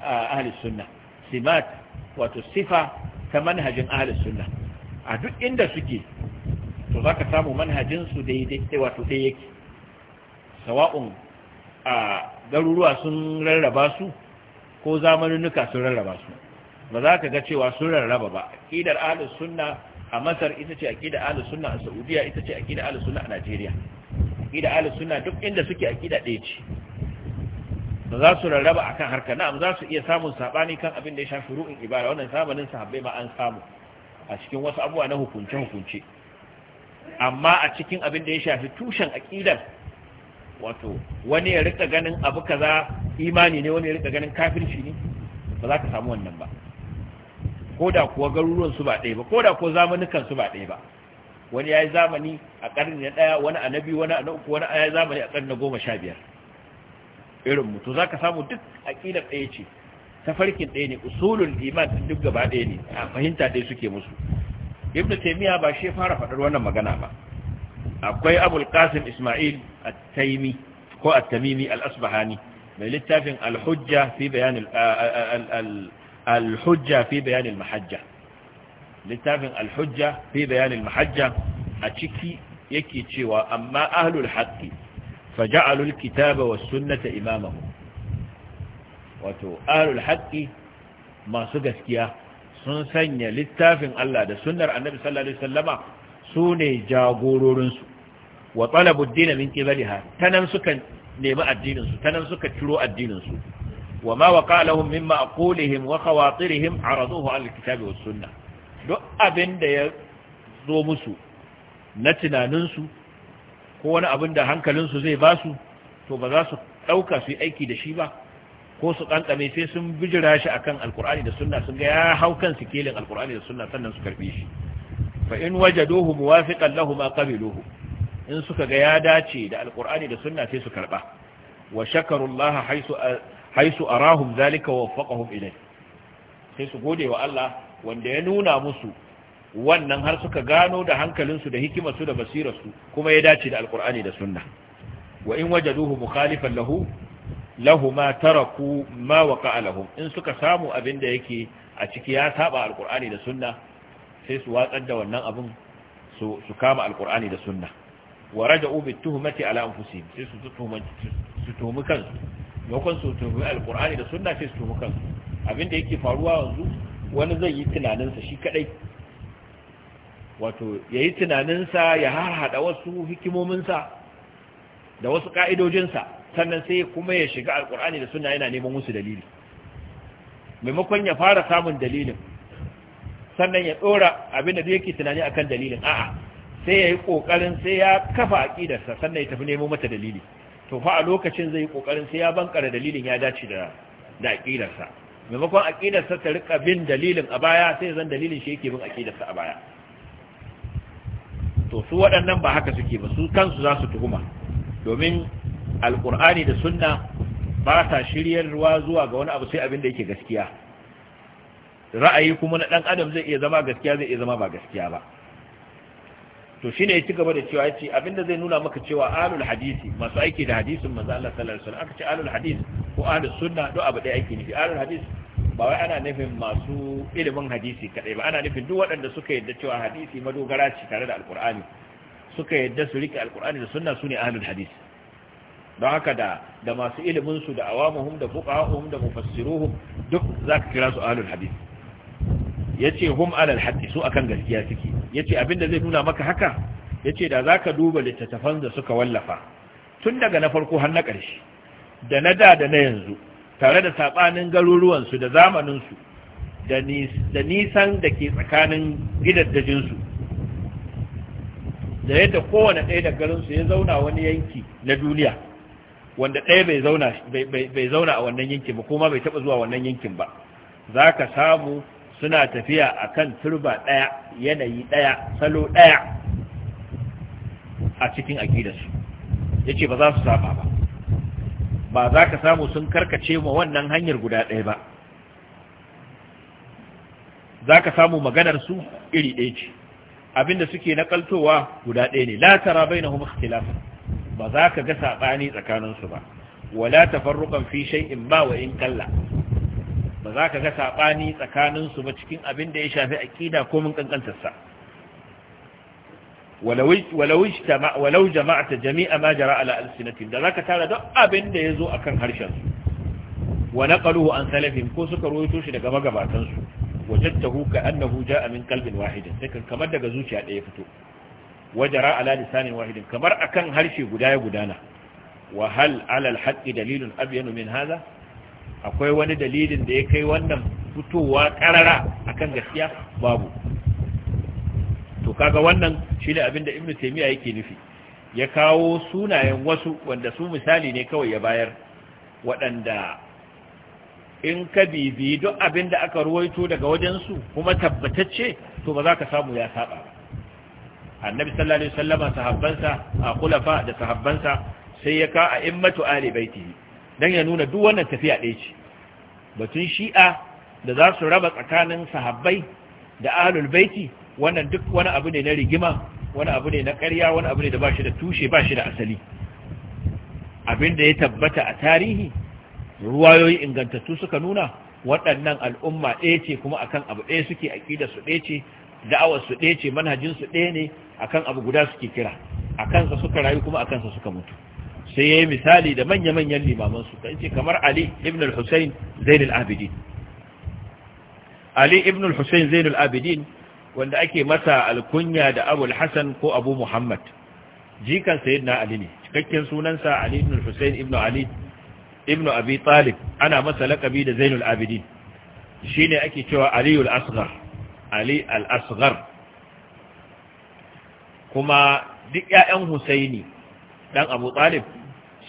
ahli sunna simat wato sifa ta manhajin ahli sunna a duk inda suke to zaka samu manhajin su daidai eh, wato dai yake sawa'un a garuruwa sun rarraba su ko zamanunuka sun rarraba su ba za ka ga cewa sun rarraba ba aqidar ahli sunna a Masar ita ce aqidar ahli sunna a Saudiya ita ce aqidar ahli sunna a Najeriya aqida Ali suna duk inda suke aƙida ɗaya ce ba za su rarraba akan harka na'am za su iya samun sabani kan abin da ya shafi ru'un ibada wannan sabanin sahabbai ma an samu a cikin wasu abubuwa na hukunce hukunce amma a cikin abin da ya shafi tushen aqidar wato wani ya rika ganin abu kaza imani ne wani ya rika ganin kafirci ne ba za ka samu wannan ba ko da kuwa garuruwan su ba ɗaya ba ko da kuwa zamanukan su ba ɗaya ba wani ya yi zamani a ƙarni na ɗaya wani a na biyu wani a na uku wani ya yi zamani a ƙarni na goma sha biyar irin mutu za ka samu duk aƙidar ɗaya ce tafarkin ɗaya ne usulun iman ɗin duk gaba ɗaya ne a fahimta ɗaya suke musu ibnu taymiya ba shi fara faɗar wannan magana ba akwai abul qasim isma'il at-taymi ko at-tamimi al-asbahani mai littafin al-hujja fi bayan al-hujja fi bayan al-mahajja littafin alhujja fi bayanin mahajja a ciki yake cewa amma ahlul haqqi faja'alu alkitaba was sunnata imamahu wato ahlul haqqi masu gaskiya sun sanya littafin Allah da sunnar annabi sallallahu alaihi wasallama su ne jagororinsu wa talabu ad-din min qibaliha tanan suka nemi addinin su tanan suka tiro addinin su wa ma waqa mimma aqulihim wa khawatirihim araduhu al-kitabi was sunnah duk abin da ya zo musu na tunaninsu ko wani abin da hankalinsu zai ba su to ba za su ɗauka su yi aiki da shi ba ko su ƙanƙame sai sun bijira shi akan alkur'ani da suna, sun ga ya hau kan sikelin alkur'ani da suna sannan su karɓe shi fa in wajaduhu muwafiqan lahu ma dohu, in suka ga ya dace da alkur'ani da sunna sai su karɓa wa shakarullaha haisu haisu arahum zalika wa waffaqahum ilayhi sai su gode wa Allah wanda ya nuna musu wannan har suka gano da hankalinsu da hikimarsu da basirarsu kuma ya dace da alkur'ani da sunna wa in wajaduhu mukhalifan lahu lahu ma taraku ma waqa'a lahum in suka samu abin da yake a ciki ya saba alkur'ani da sunna sai su watsar da wannan abin su su kama alkur'ani da sunna wa raja'u bituhmati ala anfusihim sai su tuhumci su tuhumi kansu yakon su tuhumi alkur'ani da sunna sai su tuhumi kansu abin da yake faruwa yanzu wani zai yi tunaninsa shi kadai wato ya yi tunaninsa ya harhaɗa wasu hikimominsa da wasu ƙa'idojinsa sannan sai kuma ya shiga alkurani da suna yana neman musu dalili maimakon ya fara samun dalilin sannan ya ɗora abin da yake tunani akan dalilin a'a sai ya yi ƙoƙarin sai ya kafa aƙidarsa sannan ya tafi nemo mata dalili to fa a lokacin zai yi ƙoƙarin sai ya bankara dalilin ya dace da aƙidarsa maimakon aƙidarsa ta rika bin dalilin a baya sai zan dalilin shi yake bin aƙidarsa a baya to su waɗannan ba haka suke ba su kansu za su tuhuma domin alƙur'ani da sunna ba ta shiryarwa zuwa ga wani abu sai abin da yake gaskiya ra'ayi kuma na ɗan adam zai iya zama gaskiya zai iya zama ba gaskiya ba to shine ya ci gaba da cewa yace abinda zai nuna maka cewa alul hadisi masu aiki da hadisin manzo Allah sallallahu alaihi aka ce alul hadisi ko alus sunna duk abu da aiki ne alul hadis ba wai ana nufin masu ilimin hadisi kadai ba ana nufin duk waɗanda suka yadda cewa hadisi madogara ce tare da alkur'ani suka yadda su rike alkurani da sunna sune alul hadisi don haka da da masu ilimin su da awamuhum da fuqahum da mufassiruhum duk zaka kira su alul yace hum alal haqqi su akan gaskiya suke yace da zai nuna maka haka yace da zaka duba littattafan da suka wallafa tun daga na farko har na ƙarshe da na da da na yanzu tare da sabanin garuruwan su da zamanin da nisan da ke tsakanin gidaddajin su da yadda kowane ɗaya da garin su ya zauna wani yanki na duniya wanda ɗaya bai zauna a wannan yankin ba kuma bai taɓa zuwa wannan yankin ba zaka samu suna tafiya a kan turba ɗaya yanayi ɗaya salo ɗaya a cikin akidarsu ya ce ba za su saba ba ba za ka samu sun karkace ma wannan hanyar guda ɗaya ba za ka samu maganarsu iri ɗaya ce abinda suke nakaltowa guda ɗaya ne la tara bainahum ikhtilafan ba za ka ga saɓani tsakaninsu ba wala tafarrukan fi shay'in ba wa in kalla ba za ka ga saɓani tsakaninsu ba cikin abin da ya shafi aƙida ko ƙanƙantarsa walau ta jami'a ma jara ala alsinatin da za ka tara don abin da ya zo a kan harshensu wa naƙaluhu an salafin ko suka roito shi daga magabatansu wajattahu ka annahu ja'a min kalbin wahidin sai kamar daga zuciya ɗaya fito wa jara ala lisanin wahidin kamar akan harshe guda ya gudana wa hal ala alhaqi dalilun abyanu min haza? akwai wani dalilin da ya kai wannan fitowa karara akan gaskiya babu to kaga wannan shine abin da ibnu taymiya yake nufi ya kawo sunayen wasu wanda su misali ne kawai ya bayar waɗanda in ka bibi duk abin da aka ruwaito daga wajensu kuma tabbatacce to ba za ka samu ya saba annabi sallallahu alaihi wasallama sahabbansa a kulafa da sahabbansa sai ya ka a immatu ali baitihi dan ya nuna duk wannan tafiya ɗaya ce batun shi'a da za su raba tsakanin sahabbai da ahlul baiti wannan duk wani abu ne na rigima wani abu ne na ƙarya wani abu ne da ba shi da tushe ba shi da asali abin da ya tabbata a tarihi ruwayoyi ingantattu suka nuna waɗannan al'umma ɗaya ce kuma akan abu ɗaya suke aƙida su ɗaya ce da'awar su ɗaya ce manhajin su ɗaya ne akan abu guda suke kira akan sa suka rayu kuma akan sa suka mutu sai ya yi misali da manya-manyan limamansu ta ce kamar ali ibn al-hussein zain al-abidin ali ibn al-hussein zain al-abidin wanda ake masa alkunya da abu al-hassan ko abu muhammad jikan sayyidina ali ne cikakken sunansa ali ibn al-hussein ibn ali ibn abi talib ana masa lakabi da zain al-abidin shine ake cewa ali al-asghar ali al-asghar kuma duk ƴaƴan husaini dan abu talib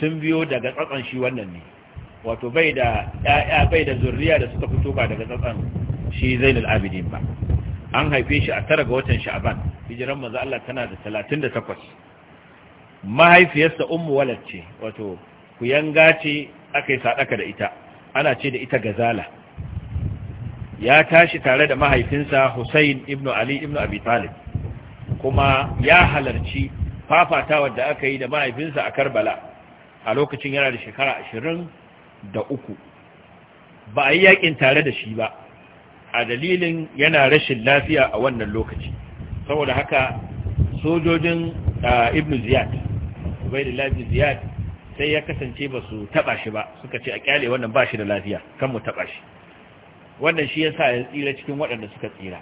sun biyo daga tsatsan shi wannan ne wato bai da ƴaƴa bai da zurriya da suka fito ba daga tsatsan shi Zainul Abidin ba an haife shi a tara ga watan Sha'ban hijiran manzo Allah tana da 38 mahaifiyarsa ummu walad ce wato kuyanga ce akai sadaka da ita ana ce da ita gazala ya tashi tare da mahaifinsa Hussein ibn Ali ibn Abi Talib kuma ya halarci fafatawar da aka yi da mahaifinsa a Karbala a lokacin yana da shekara ashirin da uku ba a yi yakin tare da shi ba a dalilin yana rashin lafiya a wannan lokaci saboda haka sojojin ibn ziyad da lafi ziyad sai ya kasance ba su taba shi ba suka ce a kyale wannan ba shi da lafiya kan mu taba shi wannan shi ya sa ya tsira cikin waɗanda suka tsira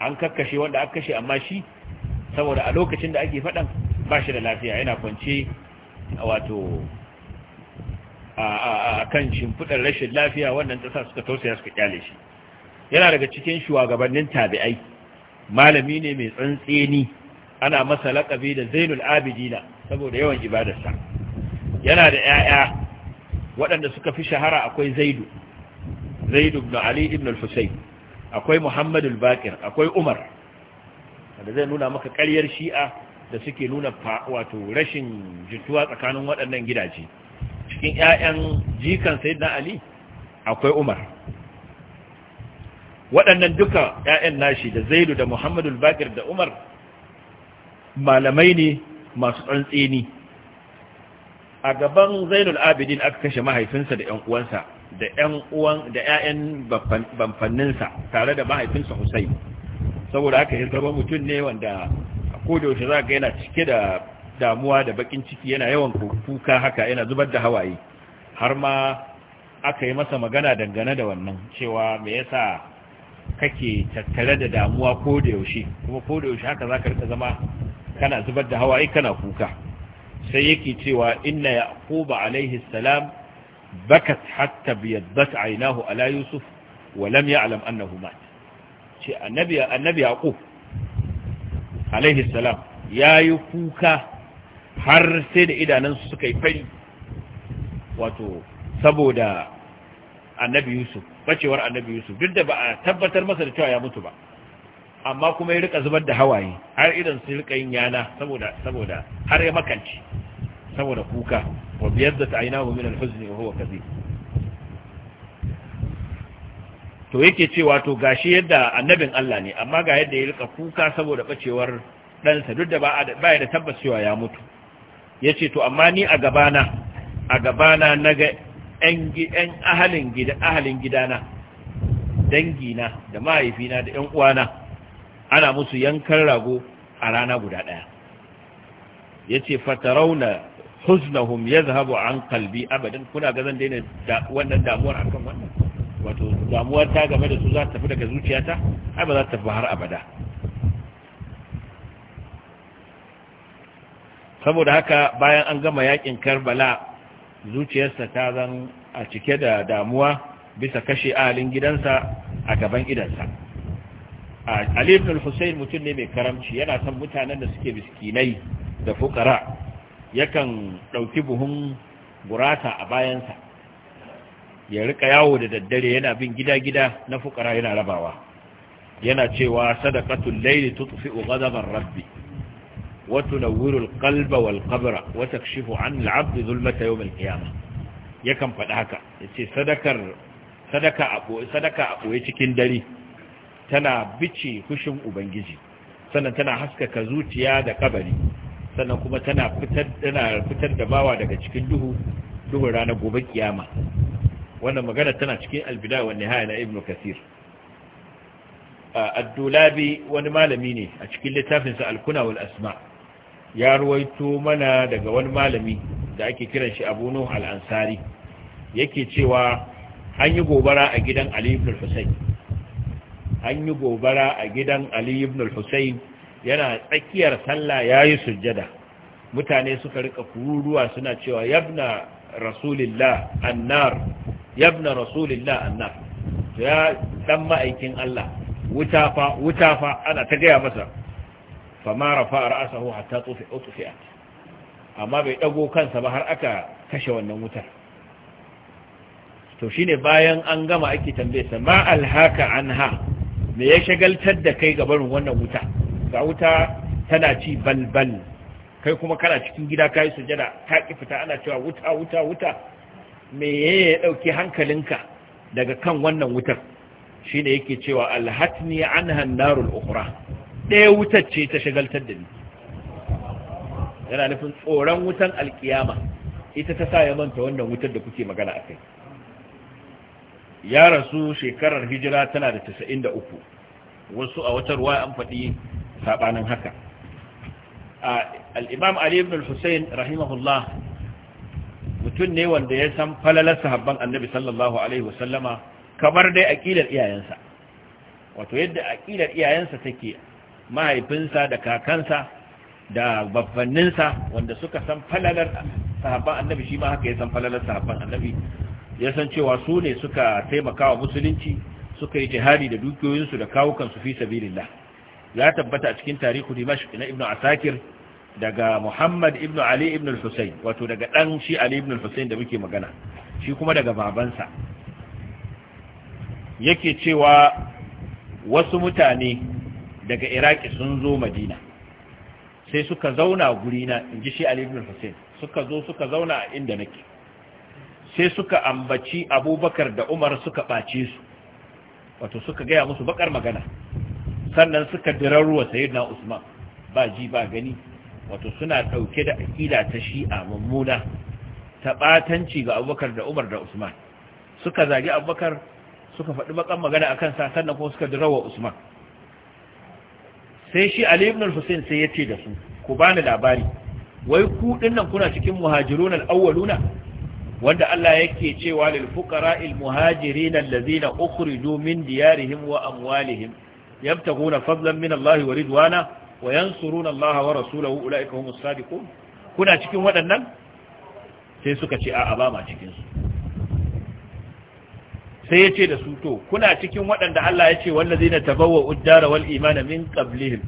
an kakkashe wanda aka kashe amma shi saboda a lokacin da ake faɗan ba shi da lafiya yana kwance wato a kan shimfiɗar rashin lafiya wannan ta suka tausaya suka ƙyale shi yana daga cikin shugabannin tabi'ai malami ne mai tsantseni ana masa laƙabi da zainul abidina saboda yawan ibadarsa yana da 'ya'ya waɗanda suka fi shahara akwai zaidu zaidu ibn ali ibn al-husayn akwai muhammadul al-baqir akwai umar da zai nuna maka ƙaryar shi'a da suke nuna wato rashin jituwa tsakanin waɗannan gidaje cikin 'ya'yan jikan sayyidina ali akwai umar waɗannan duka 'ya'yan nashi da zaidu da muhammadul bakir da umar malamai ne masu tsantseni a gaban zainu abidin aka kashe mahaifinsa da 'yan uwansa da 'ya'yan bamfanninsa tare da mahaifinsa husain saboda aka yi mutum ne wanda ko da yaushe zaka yana cike da damuwa da bakin ciki yana yawan kuka haka yana zubar da hawaye har ma aka yi masa magana dangane da wannan cewa me yasa kake tattare da damuwa ko da yaushe kuma ko da yaushe haka zaka rika zama kana zubar da hawaye kana kuka sai yake cewa inna yaquba alaihi salam bakat hatta biyaddat aynahu ala yusuf wa lam ya'lam annahu mat ce annabi annabi yaqub alaihi salam ya yi kuka har sai da idanansu suka yi fari wato saboda annabi yusuf bacewar annabi yusuf duk da ba a tabbatar masa da cewa ya mutu ba amma kuma ya rika zubar da hawaye har idan su rika yin yana saboda saboda har ya makanci saboda kuka wa biyadda ta'inahu min al-huzn wa huwa kadhib to yake cewa to gashi yadda annabin Allah ne amma ga yadda ya rika kuka saboda bacewar ɗansa duk da ba baya da tabbas cewa ya mutu ya ce to amma ni a gabana a gabana na ga 'yan ahalin gidana dangina da mahaifina da 'yan uwana ana musu yankan rago a rana guda ɗaya ya ce fatarauna huznahum ya zahabu an kalbi abadin kuna ga zan daina wannan damuwar akan wannan wato damuwar ta game da su za ta tafi daga zuciyata ai ba za ta tafi har abada saboda haka bayan an gama yakin karbala zuciyarsa ta zan a cike da damuwa bisa kashe ahalin gidansa a gaban idansa Ali ibn al mutum ne mai karamci yana son mutanen da suke biskinai da fukara yakan ɗauki buhun gurata a bayansa ya rika yawo da daddare yana bin gida-gida na fukara yana rabawa yana cewa sadaqatul layli tutfi'u ghadabar rabbi wa tunawwiru al-qalba wal qabra wa takshifu 'an al-'abdi dhulmata yawm al-qiyamah yakan faɗi haka yace sadakar sadaka a sadaka a cikin dare tana bice kushin ubangiji sannan tana haskaka zuciya da kabari sannan kuma tana fitar tana fitar da bawa daga cikin duhu duhu ranar gobe kiyama wannan magana tana cikin albida wa nihaya na ibnu kasir ad wani malami ne a cikin littafinsa al wal asma ya ruwaito mana daga wani malami da ake kiran shi Abu Nuh al-Ansari yake cewa an yi gobara a gidan Ali ibn al-Husayn an yi gobara a gidan Ali ibn al-Husayn yana tsakiyar sallah yayi sujjada mutane suka rika kururuwa suna cewa yabna rasulillah annar yabna rasulillah annab ya dan ma'aikin Allah wuta fa wuta fa ana ta gaya masa fama rafa ra'sahu hatta tufi utfiat amma bai dago kansa ba har aka kashe wannan wutar to shine bayan an gama ake tambaye sa ma alhaka anha me ya shagaltar da kai ga barin wannan wuta ga wuta tana ci balbal kai kuma kana cikin gida kai sujada ta ki fita ana cewa wuta wuta wuta me ya ɗauki hankalinka daga kan wannan wutar shine yake cewa alhatni an-narul ukhra ɗaya wutar ce ta shagaltar da ni yana nufin tsoron wutan alkiyama ita ta sa ya manta wannan wutar da kuke magana a kai ya rasu shekarar hijira tana da 93 wasu a wata ruwa an faɗi saɓanin haka al'imam ali ibn al-hussein rahimahullah mutum ne wanda ya san falalar sahabban annabi sallallahu alaihi wasallama kamar dai aƙidar iyayensa wato yadda aƙidar iyayensa take mahaifinsa da kakansa da babbanninsa wanda suka san falalar sahabban annabi shi ma haka ya san falalar sahabban annabi ya san cewa su ne suka taimaka wa musulunci suka yi jihadi da dukiyoyinsu da kawukansu fi sabilillah ya tabbata a cikin tarihu dimashq na ibnu asakir daga Muhammad ibn Ali ibn al-Husayn wato daga dan shi Ali ibn al-Husayn da muke magana shi kuma daga babansa yake cewa wasu mutane daga Iraki sun zo Madina sai suka zauna gurina inji shi Ali ibn al-Husayn suka zo suka zauna a inda nake sai suka ambaci Abubakar da Umar suka bace su wato suka gaya musu bakar magana sannan suka dirarwa sayyidina Usman ba ji ba gani wato suna ɗauke da aƙida ta shi'a mummuna ta ɓatanci ga abubakar da umar da usman suka zagi abubakar suka faɗi magana a kansa sannan kuma suka dirawa usman sai shi ali ibn hussein sai ya ce da su ku bani labari wai kuɗin nan kuna cikin muhajirun al-awwaluna wanda Allah yake cewa lil fuqara'il muhajirin allazina ukhriju min diyarihim wa amwalihim yabtaguna fadlan min Allah wa ridwana wa yansuruna Allah wa rasulahu ulaika humus sadiqun kuna cikin waɗannan sai suka ce a'a ba ma cikin su sai ya ce da su to kuna cikin waɗanda Allah ya ce wallazina tabawwa uddara wal imana min qablihim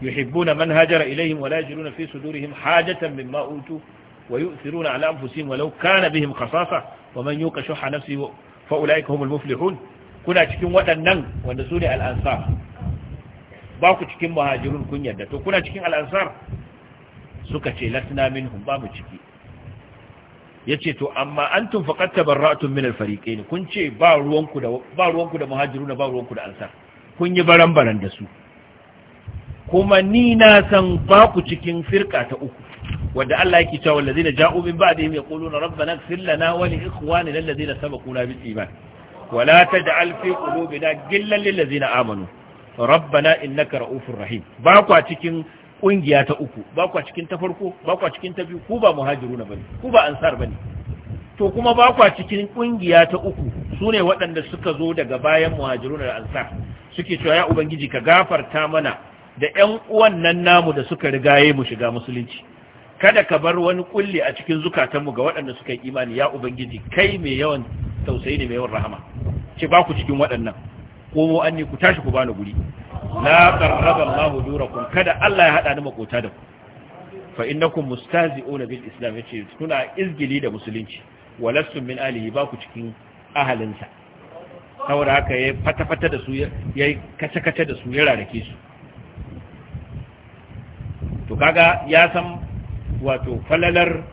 yuhibbuna man hajara ilaihim wala yajiduna fi sudurihim hajatan mimma utu wa yu'thiruna ala anfusihim walau kana bihim khasasa wa man yuqa shuhha nafsihi fa ulaika humul muflihun kuna cikin waɗannan wanda su ne al-ansar ba ku cikin muhajirun kun yarda to kuna cikin al'ansar suka ce lasna minhum ba mu ciki Ya ce to amma an antum faqad tabarra'tum min alfariƙe ne kun ce ba ruwanku da ba ruwanku da ba ruwanku da ansar kun yi baran-baran da su kuma ni na san ba ku cikin firka ta uku wadda Allah yake cewa wallazina ja'u min ba'dihim yaquluna rabbana ighfir lana wa li ikhwanina alladhina sabaquna bil iman wa la taj'al fi qulubina ghillan lil ladzina amanu rabbana innaka ra'ufur rahim ba kwa cikin kungiya ta uku ba kwa cikin ta farko ba kwa cikin ta biyu ku ba muhajiruna bane ku ba ansar bane to kuma ba kwa cikin kungiya ta uku sune waɗanda suka zo daga bayan muhajiruna da ansar suke cewa ya ubangiji ka gafarta mana da ƴan uwan nan namu da suka rigaye mu shiga musulunci kada ka bar wani kulli a cikin zukatanmu ga waɗanda suka yi imani ya ubangiji kai mai yawan tausayi ne mai yawan rahama ce ba ku cikin waɗannan komo ne ku tashi ku bani guri la qarraba Allahu durakum kada Allah ya hada ni makota da ku fa innakum mustazi'una bil islam yace kuna izgili da musulunci walastum min alihi ba ku cikin ahalinsa saboda haka ya fata-fata da su ya kace-kace da su ya rarake su to kaga ya san wato falalar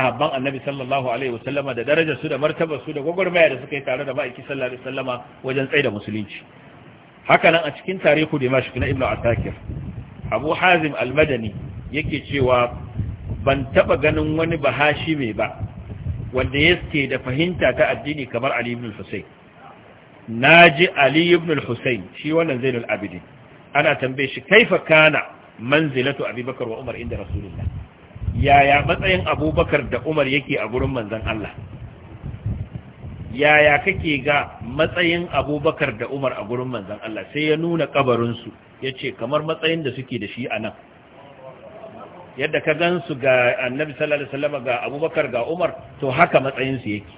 sahabban annabi sallallahu alaihi wasallama da darajar su da martabar su da gwagwarmaya da suka yi tare da ma'aiki sallallahu alaihi wasallama wajen tsaye da musulunci haka nan a cikin tarihu dimashq na ibnu asakir abu hazim al-madani yake cewa ban taba ganin wani bahashi mai ba wanda yake da fahimta ta addini kamar ali ibn al-husayn naji ali ibn al-husayn shi wannan zainul abidin ana tambaye shi kaifa kana manzilatu abubakar wa umar inda rasulullah yaya matsayin abubakar da umar yake a gurin manzan Allah yaya kake ga matsayin abubakar da umar a gurin manzan Allah sai ya nuna kabarinsu ya ce kamar matsayin da suke da shi a nan yadda ka gan su ga annabi sallallahu alaihi ga abubakar ga umar to haka matsayinsu yake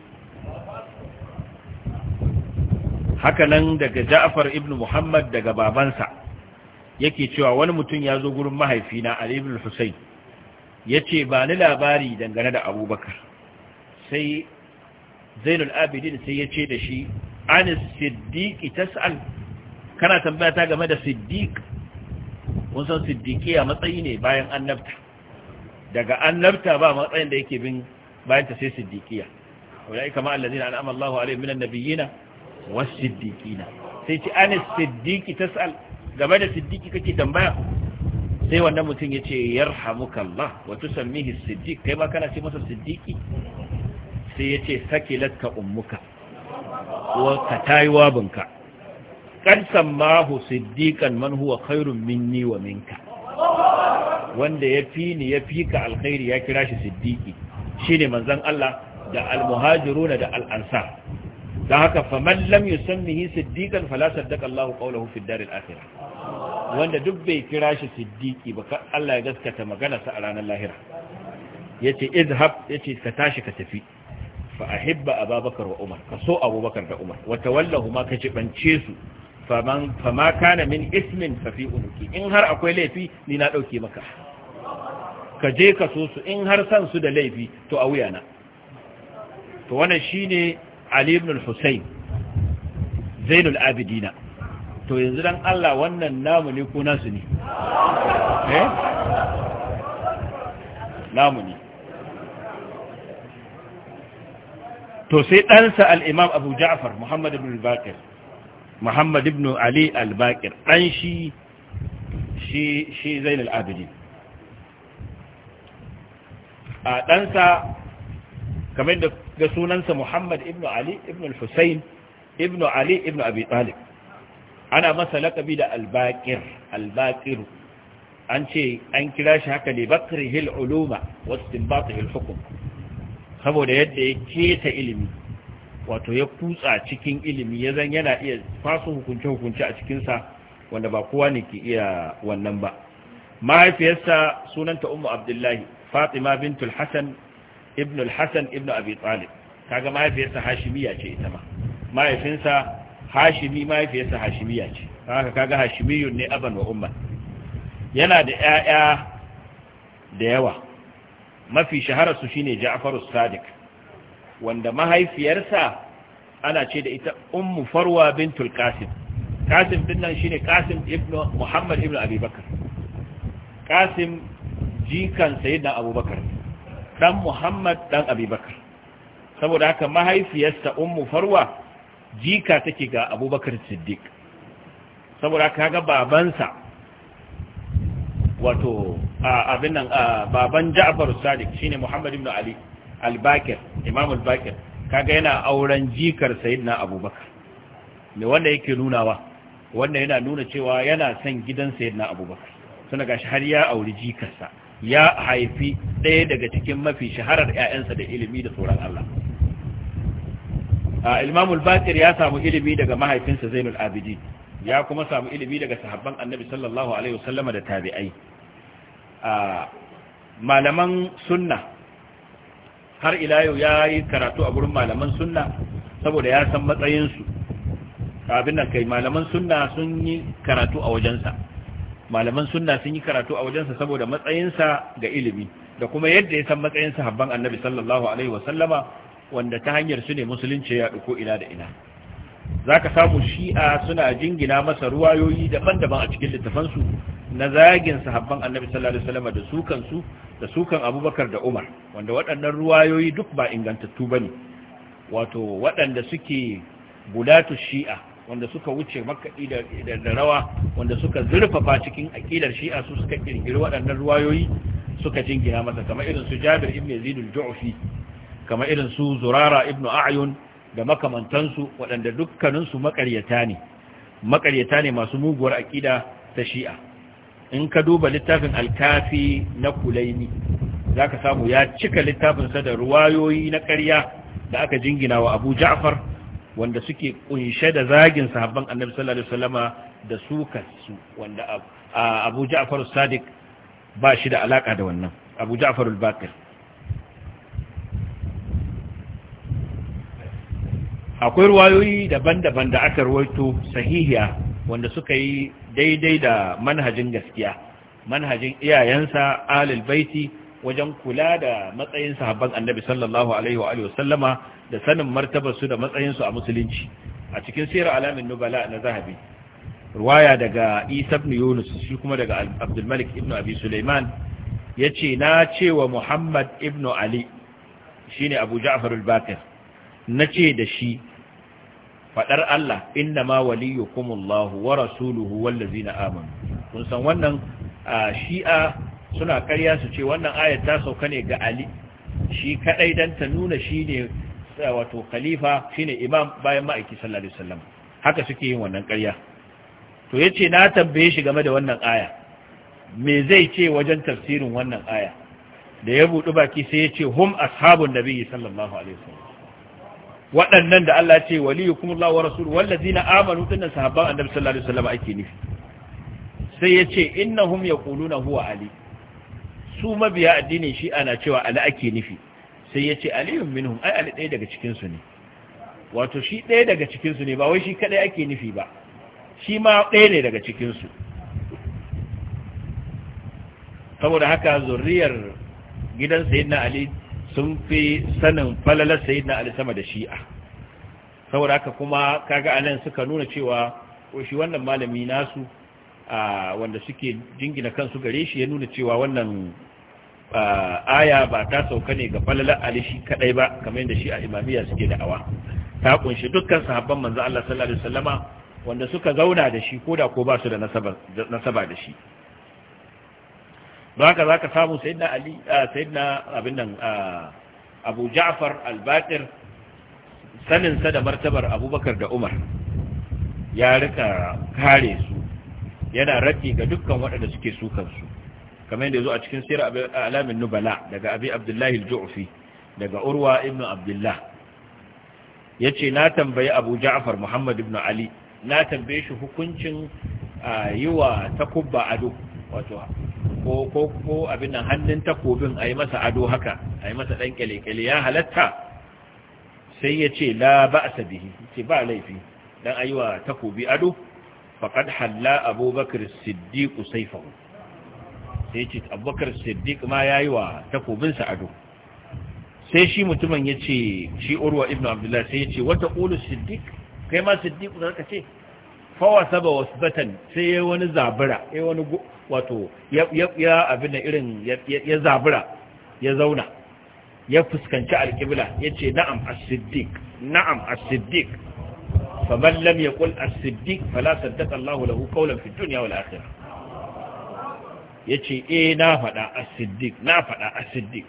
haka nan daga ja'far ibn muhammad daga babansa yake cewa wani mutum ya zo gurin mahaifina ali ibn husayn Ya ce ba ni labari dangane da abubakar sai zainul abidin sai ya ce da shi anis ta tas'al kana tambaya ta game da siddiq kun san siddiqiya matsayi ne bayan annabta daga annabta ba matsayin da yake bin bayan ta sai siddiqiya ulai kama allazina an'ama Allahu alaihim minan biyina, wasu siddiqina sai ce anis ta tas'al game da siddiqi kake tambaya sai wannan mutum ya ce yarhamukallah wa tusammihi siddiq kai ma kana ce masa siddiqi sai ya ce sakilatka ummuka wa ka tayi wabinka kan sammahu siddiqan man huwa khairun minni wa minka wanda ya fi ni ya fi ka alkhairi ya kira shi siddiqi shine manzon Allah da almuhajiruna da al-ansar Da haka faman lam yusammihi siddiqan fala saddaqa Allah qawluhu fi ad-dar al wanda duk bai kira shi siddiqi ba Allah ya gaskata magana sa a ranar lahira yace izhab yace ka tashi ka tafi fa a Babakar wa umar ka so abubakar da umar Wata wallahu ma ka jibance su faman fama kana min ismin fa unuki in har akwai laifi ni na ɗauke maka ka je ka so su in har san su da laifi to a wuyana to wannan shine Ali ibn al-Husayn Zainul Abidina to yanzu dan Allah wannan namu ne ko nasu ne eh namu ne to sai ɗansa al'imam abu ja'far muhammad ibn al-bakir muhammad ibn ali al shi shi a kamar da ga sunansa Muhammad ibn Ali ibn hussein ibn Ali ibn Abi Talib ana masa lakabi da al-Baqir an ce an kira shi haka ne bakrihil uluma wa hil hukm saboda yadda ya keta ilimi wato ya kutsa cikin ilimi ya zan yana iya fasu hukunce hukunce a cikin sa wanda ba kowa ne ke iya wannan ba mahaifiyarsa sunanta ummu abdullahi fatima bintul hasan ibn al-hasan ibn abi talib kaga mahaifiyarsa hashimiya ce ita ma mahaifinsa hashimi mahaifiyarsa hashimiya ce haka kaga hashimiyun ne aban wa umma yana da ƴaƴa da yawa mafi shahara su shine Ja'far as-Sadiq wanda mahaifiyarsa ana ce da ita ummu Farwa bintul Qasim Qasim din nan shine Qasim ibn Muhammad ibn Abi Qasim jikan sayyidina Abu Abubakar. dan Muhammad dan Abubakar saboda haka mahaifiyarsa ummu farwa jika take ga Abubakar Siddiq saboda haka kaga babansa wato abin nan baban Ja'far Sadiq shine Muhammad ibn Ali al-Bakir Imam al-Bakir kaga yana auren jikar Sayyidina Abubakar Ne wanda yake nunawa wanda yana nuna cewa yana son gidan Sayyidina Abubakar suna gashi har ya auri jikarsa ya haifi ɗaya daga cikin mafi shaharar 'ya'yansa da ilimi da tsoron Allah Ilmamul Bakir ya samu ilimi daga mahaifinsa Zainul Abidin ya kuma samu ilimi daga sahabban Annabi sallallahu alaihi wasallama da tabi'ai malaman sunna har ila yau ya yi karatu a gurin malaman sunna saboda ya san matsayinsu abin da kai malaman sunna sun yi karatu a wajensa malaman sunna sun yi karatu a wajensa saboda matsayinsa ga ilimi da kuma yadda ya san matsayin sahabban annabi sallallahu alaihi wasallama wanda ta hanyar su ne musulunci ya duko ina da ina zaka samu shi'a suna jingina masa ruwayoyi daban-daban a cikin littafansu na zagin sahabban annabi sallallahu alaihi wasallama da sukan su da sukan abubakar da umar wanda waɗannan ruwayoyi duk ba ingantattu bane wato waɗanda suke bulatu shi'a wanda suka wuce makaɗi da rawa wanda suka zurfafa cikin aƙidar shi'a su suka ƙirƙiri waɗannan ruwayoyi suka jingina masa kamar irin su jabir ibn yazid jufi kamar irin su zurara ibn a'yun da makamantansu waɗanda dukkaninsu maƙaryata ne maƙaryata ne masu muguwar aƙida ta shi'a in ka duba littafin alkafi na kulaini za ka samu ya cika littafinsa da ruwayoyi na ƙarya da aka jingina wa abu ja'far wanda suke kunshe da zagin sahabban annabi sallallahu alaihi wasallama da sukar su wanda Abu Ja'far Sadiq ba shi da alaka da wannan Abu Ja'far al-Baqir akwai ruwayoyi daban-daban da aka ruwaito sahihiya wanda suka yi daidai da manhajin gaskiya manhajin iyayensa alil baiti wajen kula da matsayin sahabban annabi sallallahu alaihi wa sallama da sanin martabarsu su da matsayin su a musulunci a cikin sirar alamin nubala na zahabi ruwaya daga Isa ibn Yunus shi kuma daga Abdul Malik ibn Abi Sulaiman yace na cewa Muhammad ibn Ali shine Abu Ja'far al-Bakir nace da shi faɗar Allah inna ma waliyukumullahu wa rasuluhu wallazina amanu kun san wannan a shi'a suna karya su ce wannan ayat ta sauka ne ga Ali shi kadai dan ta nuna shine eh, wato khalifa shine imam bayan ma'aiki sallallahu alaihi wasallam haka suke yin wannan karya to yace na tambaye shi game da wannan aya me zai ce wajen tafsirin wannan aya da ya buɗi baki sai ya ce hum ashabun nabiyyi sallallahu alaihi wasallam waɗannan da Allah ce waliyukum Allah wa rasul wallazina amanu dinnan sahabban annabi sallallahu alaihi wasallam ake nufi sai ya ce innahum yaquluna huwa ali su mabiya addinin shi ana cewa ali ake nufi sai ya ce aliyun minhum ai ali ɗaya daga cikinsu ne wato shi ɗaya daga cikinsu ne ba wai shi kaɗai ake nufi ba shi ma ɗaya ne daga cikinsu saboda haka zurriyar gidan sayidina ali sun fi sanin falalar sayidina ali sama da shi'a saboda haka kuma kaga anan suka nuna cewa shi wannan malami nasu wanda suke jingina kansu gare shi ya nuna cewa wannan aya ba ta sauka ne ga falalar ali shi kadai ba kamar yadda shi a imamiya suke da'awa ta kunshi dukkan sahabban manzo Allah sallallahu alaihi wasallama wanda suka zauna da shi koda ko ba su da nasaba da shi don haka zaka samu sayyidina ali sayyidina abin nan Abu Ja'far al-Baqir sanin sa da martabar Abubakar da Umar ya rika kare su yana raddi ga dukkan waɗanda suke sukan su kamar yadda zo a cikin sirar alamin nubala daga abi abdullahi al-ju'fi daga urwa ibn abdullah yace na tambayi abu ja'far muhammad ibn ali na tambaye shi hukuncin yi wa takubba ado wato ko ko ko abin nan hannun takobin ayi masa ado haka ayi masa dan kele-kele ya halatta sai yace la ba'sa bihi ce ba laifi dan ayiwa wa takobi ado faqad halla abubakar siddiq sayfahu sai ce abubakar siddiq ma yayi wa takobinsa ado sai shi mutumin ya ce shi urwa ibnu Abdullahi, sai ya ce wata qulu siddiq kai ma siddiq zaka ce fawa saba batan, sai ya wani zabura ya wani wato ya abin da irin ya zabura ya zauna ya fuskanci alƙibla ya ce na'am as-siddiq na'am as-siddiq faman lam yaqul as-siddiq fala saddaqa Allahu lahu qawlan fi dunya wal akhirah yace eh na fada as-siddiq na fada as-siddiq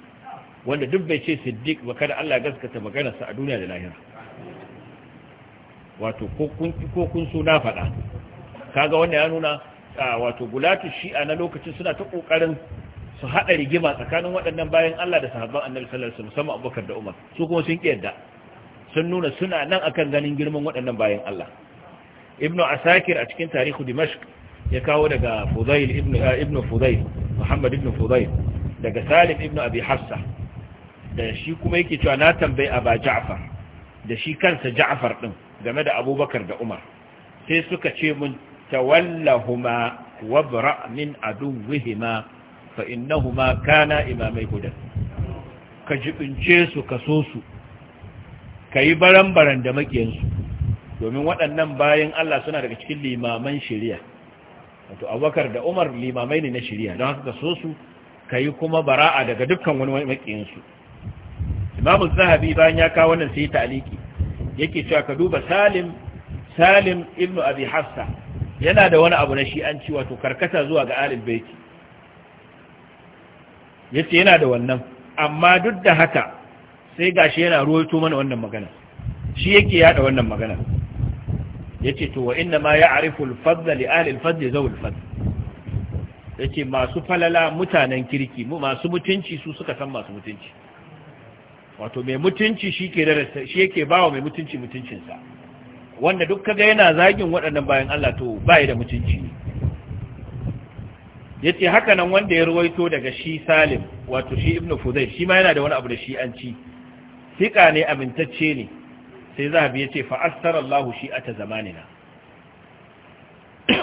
wanda duk bai ce siddiq ba kada Allah gaskata maganarsa a duniya da lahira wato ko kun so na faɗa kaga wannan ya nuna wato gulatu shi'a na lokacin suna ta kokarin su hada rigima tsakanin waɗannan bayan Allah da sahabban annabi sallallahu alaihi wasallam musamman Abubakar da Umar su kuma sun yadda. sun nuna suna nan akan ganin girman waɗannan bayan Allah Ibnu asakir a cikin tarihu dimashq ya kawo daga fudail ibn eh, ibn fudail muhammad ibn fudail daga salim ibn abi hafsa da shi kuma yake cewa na tambayi aba ja'far da shi kansa ja'far din game da abubakar da umar sai suka ce mun tawallahuma wabra min aduwwihima fa innahuma kana imamai hudan ka jibince su ka so su ka yi baran-baran da makiyansu domin waɗannan bayan Allah suna daga cikin limaman shirya wato abubakar da umar limamai ne na shirya don haka so su ka yi kuma bara'a daga dukkan wani makiyansu imamu zahabi bayan ya kawo wannan sai ta'aliki yake cewa ka duba salim salim ibnu abi hafsa yana da wani abu na shi'anci wato karkata zuwa ga alil baiti yace yana da wannan amma duk da haka sai gashi yana ruwaito mana wannan magana shi yake yada wannan magana yace to wa inna ma ya al-fadl li ahli al-fadl zaw al-fadl yace masu falala mutanen kirki masu mutunci su suka san masu mutunci wato mai mutunci shi ke darasa shi yake bawa mai mutunci mutuncinsa wanda duk kaga yana zagin waɗannan bayan Allah to bai da mutunci ne yace haka nan wanda ya ruwaito daga shi Salim wato shi Ibn Fudayl shi ma yana da wani abu da shi an ci fika ne amintacce ne sai zahabi ya ce fa'astar Allah shi a ta zamanina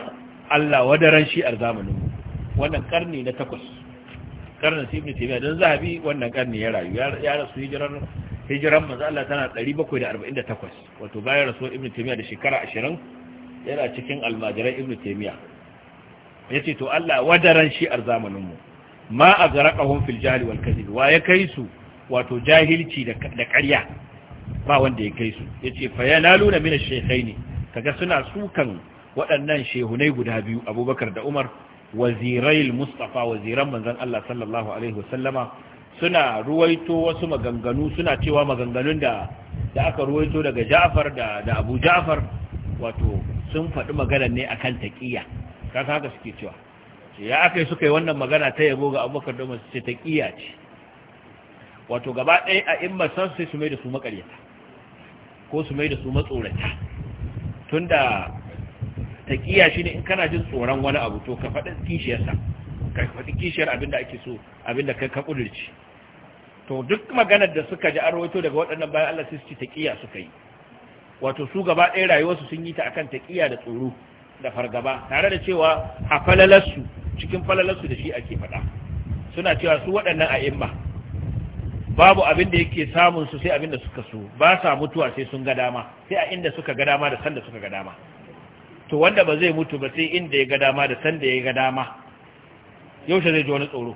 Allah wadaran shi'ar zamanin wannan karni na takwas karnin su ibn taimiyya don zahabi wannan karni ya rayu ya rasu hijiran hijiran manzo Allah tana 748 wato bayan rasu ibn taimiyya da shekara 20 yana cikin almajiran ibn taimiyya ya ce to Allah wadaran shi'ar zamaninmu ma a garaƙahun filjali wal kazib wa ya kai su wato jahilci da ƙarya ba wanda ya kai su ya ce fa ya na mina shekai ne kaga suna sukan waɗannan shehunai guda biyu abubakar da umar wazirai mustafa waziran manzan allah sallallahu alaihi wasallama suna ruwaito wasu maganganu suna cewa maganganun da da aka ruwaito daga ja'far da da abu ja'far wato sun faɗi magana ne akan taƙiyya kaka haka suke cewa ya aka yi suka yi wannan magana ta yabo ga abubakar da umar su ce taƙiyya ce wato gaba ɗaya a imma san sai su mai da su makaryata ko su mai da su matsorata ƙiya shi ne, in kana jin tsoron wani abu to ka faɗi kishiyarsa ka faɗi kishiyar abinda ake so abinda kai ka ƙudurci to duk maganar da suka ji arwato daga waɗannan bayan Allah sai ta ƙiya suka yi wato su gaba ɗaya rayuwarsu sun yi ta akan ƙiya da tsoro da fargaba tare da cewa a falalarsu cikin falalarsu da shi ake faɗa suna cewa su waɗannan a'imma babu abin da yake samun su sai abin da suka so ba sa mutuwa sai sun ga dama sai a inda suka ga dama da sanda suka ga dama to wanda ba zai mutu ba sai inda ya ga dama da sanda ya ga dama yaushe zai ji wani tsoro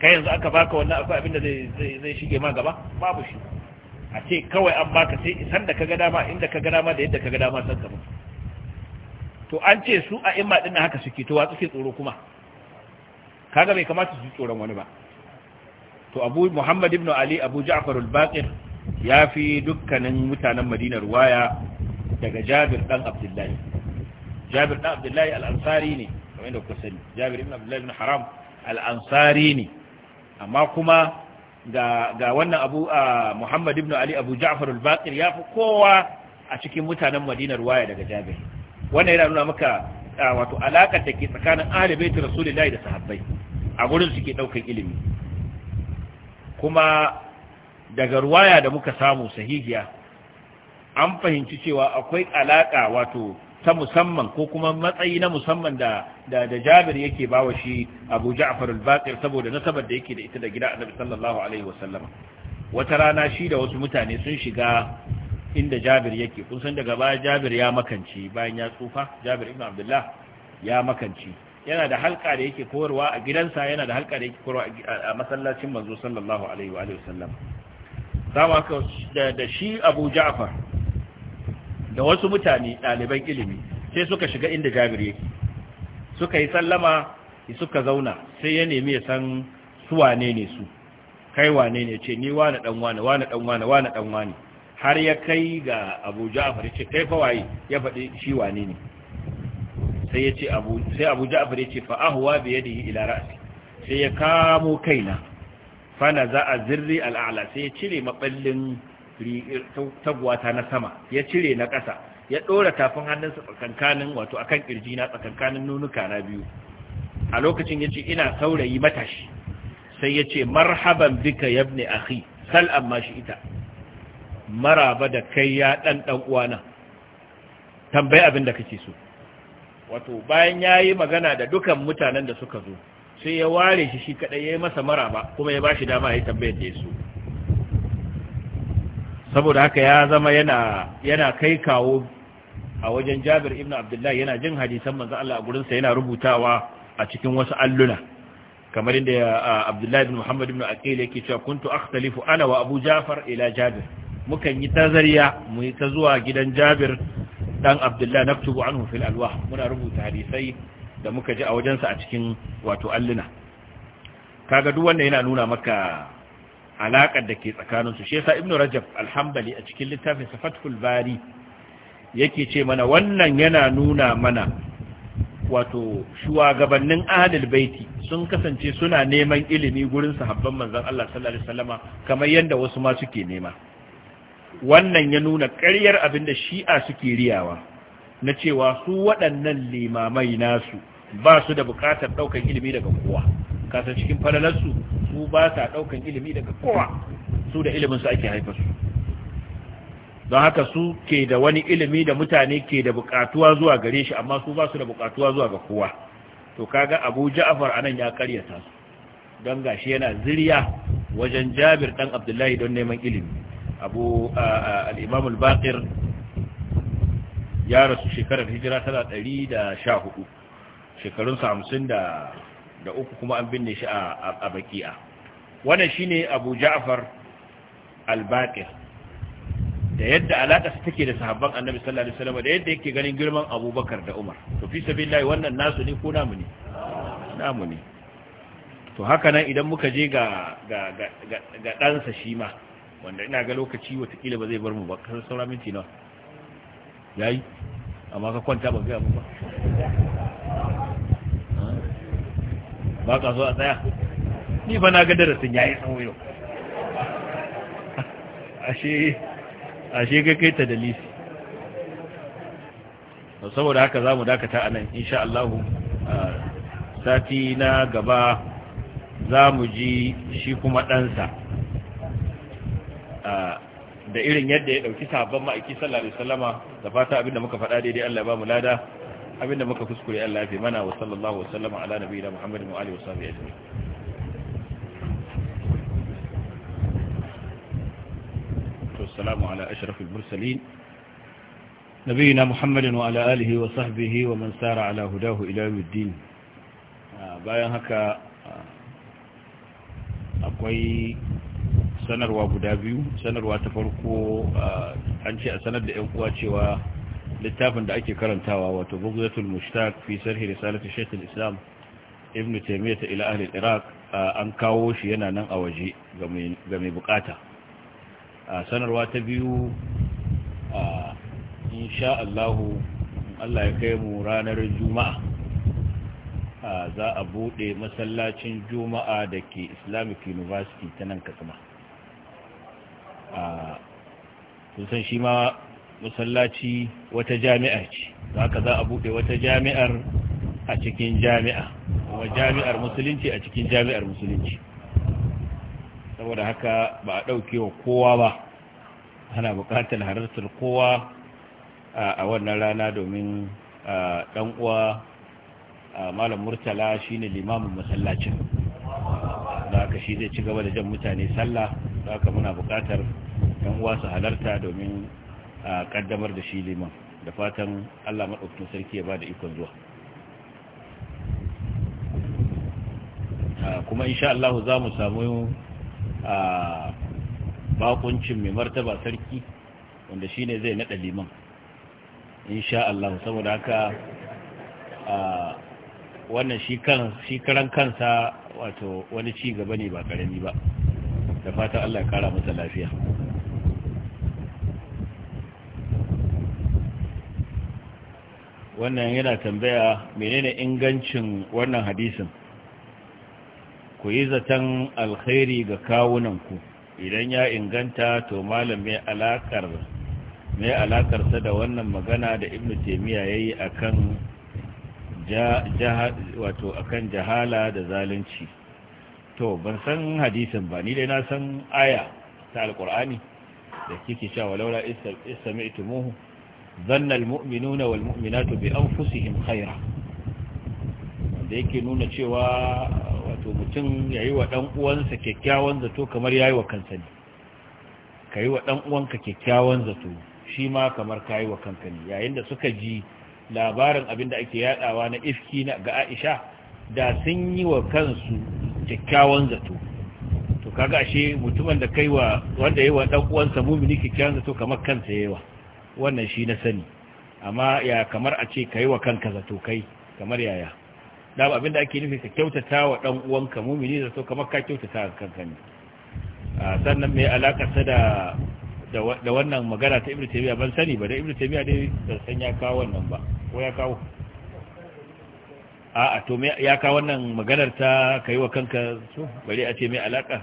kai yanzu aka baka wannan akwai abin da zai zai shige ma gaba babu shi a ce kawai an baka sai sanda ka ga dama inda ka ga dama da yadda ka ga dama san ka mutu to an ce su a imma din haka suke to wa suke tsoro kuma kaga bai kamata su tsoron wani ba to abu muhammad ibn ali abu ja'far al-baqir ya fi dukkanin mutanen madina ruwaya daga jabir dan abdullahi jabir dan abdullahi al-ansari ne kamar da kusa sani jabir ibn abdullahi ibn haram al-ansari ne amma kuma ga ga wannan abu muhammad ibn ali abu ja'far al-baqir ya fi kowa a cikin mutanen madina ruwaya daga jabir wannan yana nuna maka wato alakar da ke tsakanin ahli baitin rasulullahi da sahabbai a gurin suke daukan ilimi kuma daga ruwaya da muka samu sahihiya an fahimci cewa akwai alaka wato ta musamman ko kuma matsayi na musamman da da, da Jabir yake bawa shi Abu Ja'far al-Baqir saboda nasabar da yake da ita da gida Annabi sallallahu alaihi wasallam wata rana shi da wasu mutane sun shiga inda Jabir yake kun san daga baya Jabir ya makanci bayan ya tsufa Jabir ibn Abdullah ya makanci yana da halka da yake koyarwa a gidansa yana da halka da yake koyarwa a masallacin manzo sallallahu alaihi wa sallam zama ka da shi Abu Ja'far da wasu mutane ɗaliban ilimi sai suka shiga inda Jabir yake suka yi sallama suka zauna sai ya nemi ya san su wane ne su kai wane ne ce ni wane dan wane wane dan wane wane dan wane har ya kai ga Abu Ja'far ce kai fa waye ya faɗi shi wane ne sai ya ce abu sai abu ja'far ya ce fa ahwa bi yadihi ila ra'si sai ya kamo kaina fa a zirri al'ala sai ya cire maballin tagwata na sama ya cire na ƙasa ya ɗora tafin hannunsa tsakankanin wato akan kirji na tsakankanin nunuka na biyu a lokacin yace ina saurayi matashi sai yace marhaban bika yabni akhi sal amma shi ita maraba da kai ya dan dan uwana tambayi abin da kake so wato bayan ya yi magana da dukan mutanen da suka zo sai ya ware shi shi kaɗai ya yi masa maraba kuma ya ba shi dama ya yi tambayar da ya so saboda haka ya zama yana kai kawo a wajen jabir ibn abdullahi yana jin hadisan manzo Allah a gurinsa yana rubutawa a cikin wasu alluna kamar inda abdullahi ibn muhammad ibn aqil yake cewa kuntu akhtalifu ana wa abu jafar ila jabir mukan yi tazariya mu yi ta zuwa gidan jabir dan abdullahi naktubu anhu fil alwah muna rubuta hadisai da muka ji a wajensa a cikin wato alluna kaga duk wanda yana nuna maka alakar da ke tsakanin su shesa ibnu rajab alhambali a cikin littafin safatul bari yake ce mana wannan yana nuna mana wato shugabannin ahlul baiti sun kasance suna neman ilimi gurin sahabban manzon Allah sallallahu alaihi wasallama kamar yanda wasu ma suke nema wannan ya nuna ƙaryar abin da shi'a suke riyawa na cewa su waɗannan limamai nasu ba su da buƙatar ɗaukan ilimi daga kowa kasar cikin falalarsu su ba sa ɗaukan ilimi daga kowa su da iliminsu ake haifarsu don haka su ke da wani ilimi da mutane ke da buƙatuwa zuwa gare shi amma su ba su da buƙatuwa zuwa ga kowa to kaga abu ja'afar anan ya karyata su don gashi yana ziriya wajen jabir ɗan abdullahi don neman ilimi abu al al-baqir ya rasu shekarar hijira tana 114 shekarunsa 50 da da uku kuma an binne shi a baki'a wannan shine abu ja'far al-baqir da yadda alaƙa su take da sahabban annabi sallallahu alaihi wasallam da yadda yake ganin girman abubakar da umar to fi sabilillahi wannan nasu ne ko namu ne namu ne to haka nan idan muka je ga ga ga ɗansa shi ma wanda ina ga lokaci watakila ba zai bar mu ba kasar saura minti na ya yi amma ka kwanta ba gaya mu ba ba ka zo a tsaya ni ba na ga darasin ya yi tsawo yau ashe ga kai ta dalisi saboda haka za mu dakata a nan insha Allah sati na gaba za mu ji shi kuma ɗansa da irin yadda ya dauki sahabban ma'aiki sallallahu alaihi wasallama da fata abinda muka faɗa daidai Allah ya ba mu lada abinda muka kuskure Allah ya fi mana wa sallallahu wasallama ala nabiyina Muhammadin wa alihi wa sahbihi ajma'in والسلام على أشرف المرسلين wa محمد وعلى آله وصحبه ومن سار على هداه إلى يوم الدين bayan haka akwai sanarwa guda biyu sanarwa ta farko an ce a sanar da 'yan uwa cewa littafin da ake karantawa wato bugzatul mushtaq fi sarhi risalati shaykh al-islam ibn taymiyyah ila ahli al-iraq an kawo shi yana nan a waje ga mai bukata sanarwa ta biyu insha Allah Allah ya kai mu ranar juma'a za a bude masallacin juma'a da ke islamic university ta nan katsina kusan shi ma musallaci wata jami'a ce za ka za a buɗe wata jami'ar a cikin jami'a kuma jami'ar musulunci a cikin jami'ar musulunci saboda haka ba a ɗauke wa kowa ba ana buƙatar halartar kowa a wannan rana domin ɗan uwa malam murtala shine limamin masallacin da haka shi zai ci gaba da jan mutane sallah da ka muna bukatar yan uwa su halarta domin a kaddamar da shi liman da fatan Allah maɗaukakin sarki ya ba da ikon zuwa kuma insha Allah za mu samu a bakuncin mai martaba sarki wanda shi ne zai naɗa liman insha Allah saboda haka wannan shi kan shi karan kansa wato wani ci gaba ne ba karami ba da fatan Allah ya kara masa lafiya wannan yana tambaya menene ingancin wannan hadisin ku yi zaton alkhairi ga kawunanku idan ya inganta to malam mai alakar mai alakarsa da wannan magana da ibnu taymiya yayi akan wato akan jahala da zalunci to ban san hadisin ba ni dai na san aya ta alkur'ani da kike cewa laula istami'tumuhu dhanna almu'minuna walmu'minatu bi anfusihim khaira da yake nuna cewa wato mutum yayi wa dan uwansa kyakkyawan zato kamar yayi wa kansa ne kai wa dan uwanka kyakkyawan zato shi ma kamar kai wa kanka ne yayin da suka ji labarin abin da ake yadawa na ifki na ga Aisha da sun yi wa kansu kyakkyawan zato to kaga ashe mutumin da kai wanda yayi wa dan uwansa mumini kyakkyawan zato kamar kansa yayiwa wannan shi na sani amma ya kamar a ce kaiwa wa kanka zato kai kamar yaya da abin da ake nufi ka kyautata wa dan uwanka mumini zato kamar ka kyautata kanka ne sannan mai alaka da da wannan magana ta Ibnu taymiya ban sani ba da Ibnu taymiya dai san ya kawo wannan ba ko ya kawo a'a to me ya kawo wannan maganar ta kai wa kanka so bari a ce mai alaka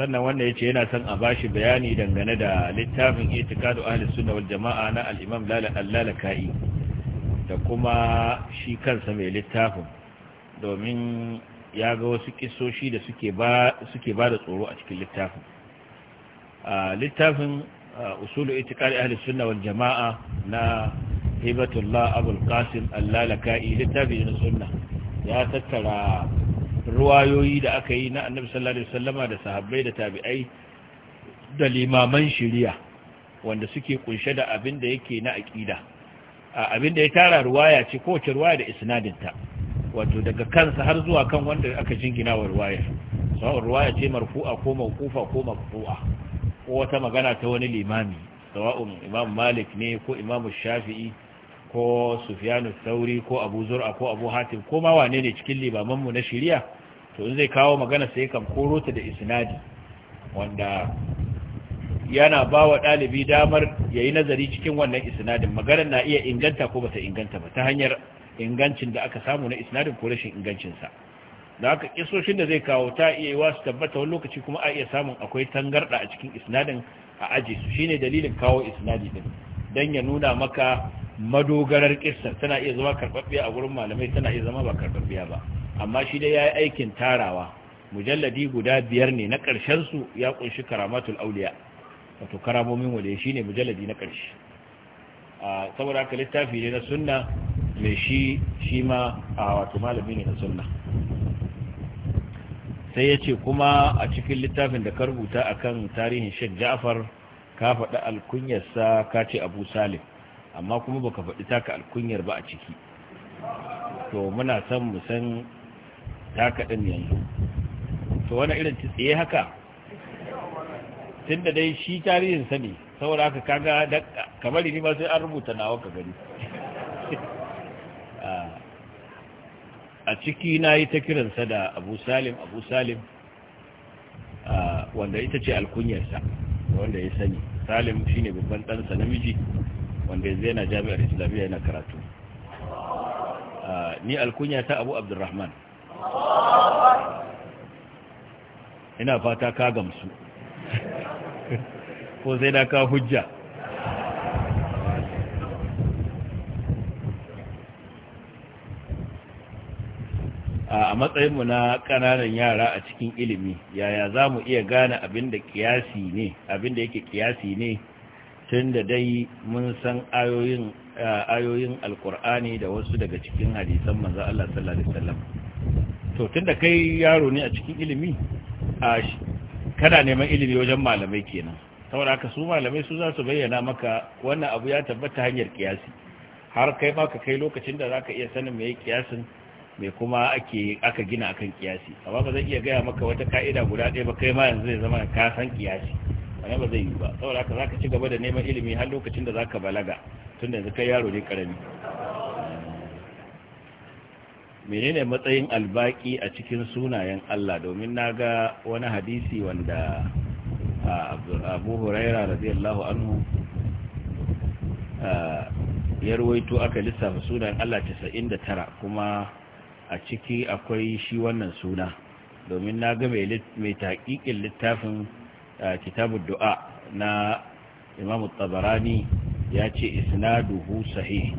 sannan wannan ce yana son a bashi bayani dangane da littafin itikadu ahli sunna wal jamaa na al-imam ka'i da kuma shi kansa mai littafin domin ya ga wasu kisoshi da suke ba da tsoro a cikin littafin littafin usulu itikari ahli sunna wal jama'a na hibatullah abul qasim allalaka'i littafi na sunna ya tattara ruwayoyi da aka yi na annabi sallallahu alaihi wasallama da sahabbai da tabi'ai da limaman shiriya wanda suke kunshe da abin da yake na aqida abin da ya tara ruwaya ce kowace ruwaya da isnadinta wato daga kansa har zuwa kan wanda aka jingina wa ruwaya. sawar ruwaya ce marfu'a ko mawqufa ko maqtu'a ko wata magana ta wani limami sawa'un imam malik ne ko imam shafi'i ko sufiyanu sauri ko abu zur'a ko abu hatim ko ma wane ne cikin limamanmu na shirya? to in zai kawo magana sai kan koro ta da isnadi wanda yana ba wa ɗalibi damar ya yi nazari cikin wannan isnadin maganar na iya inganta ko bata inganta ba ta hanyar ingancin da aka samu na isnadin ko rashin ingancinsa da haka kisoshin da zai kawo ta iya yiwa su tabbata wani lokaci kuma a iya samun akwai tangarɗa a cikin isnadin a aji su shine dalilin kawo isnadi din dan ya nuna maka madogarar kissa tana iya zama karbabbiya a gurin malamai tana iya zama ba karbabbiya ba amma shi dai yayi aikin tarawa mujalladi guda biyar ne na karshen su ya kunshi karamatul auliya wato karamomin wale shine mujalladi na karshe a saboda haka littafi ne na sunna mai shi shi ma a wato malami ne na sunna sai ya ce kuma a cikin littafin da ka rubuta a kan tarihin Sheikh Ja'far ka faɗi alkunyarsa ka ce Abu Salim amma kuma baka faɗi taka alkunyar ba a ciki to muna son mu san taka ɗin yanzu to wani irin tsaye haka tunda dai shi tarihin sa ne saboda haka kaga kamar ni ma sai an rubuta nawa ka gani ah. a ciki na yi ta kiransa da abu salim abu salim wanda ita ce alkunyarsa wanda ya sani salim shi ne babban ɗansa namiji wanda ya zai yana jami'ar islamiyya yana karatu ni alkunya ta abu abdurrahman ina fata ka gamsu ko sai na ka hujja a matsayinmu na ƙananan yara a cikin ilimi yaya za mu iya gane abin da kiyasi ne abin yake kiyasi ne tun da dai mun san ayoyin ayoyin alkur'ani da wasu daga cikin hadisan manzo Allah sallallahu alaihi wasallam to tun da kai yaro ne a cikin ilimi a kana neman ilimi wajen malamai kenan saboda haka su malamai su za su bayyana maka wannan abu ya tabbata hanyar kiyasi har kai ma ka kai lokacin da zaka iya sanin me kiyasin mai kuma ake aka gina akan kiyasi amma ba zai iya gaya maka wata ka'ida guda ɗaya ba kai ma yanzu zai zama ka san kiyasi wani ba zai yi ba saboda haka zaka ci gaba da neman ilimi har lokacin da zaka balaga tun da yanzu kai yaro ne karami menene matsayin albaki a cikin sunayen Allah domin ga wani hadisi wanda Abu Huraira radiyallahu anhu ya ruwaito aka lissafa sunan Allah 99 kuma a ciki akwai shi wannan suna domin na ga mai taƙiƙin littafin kitabun du'a na imamu tabarani ya ce isnaduhu sahih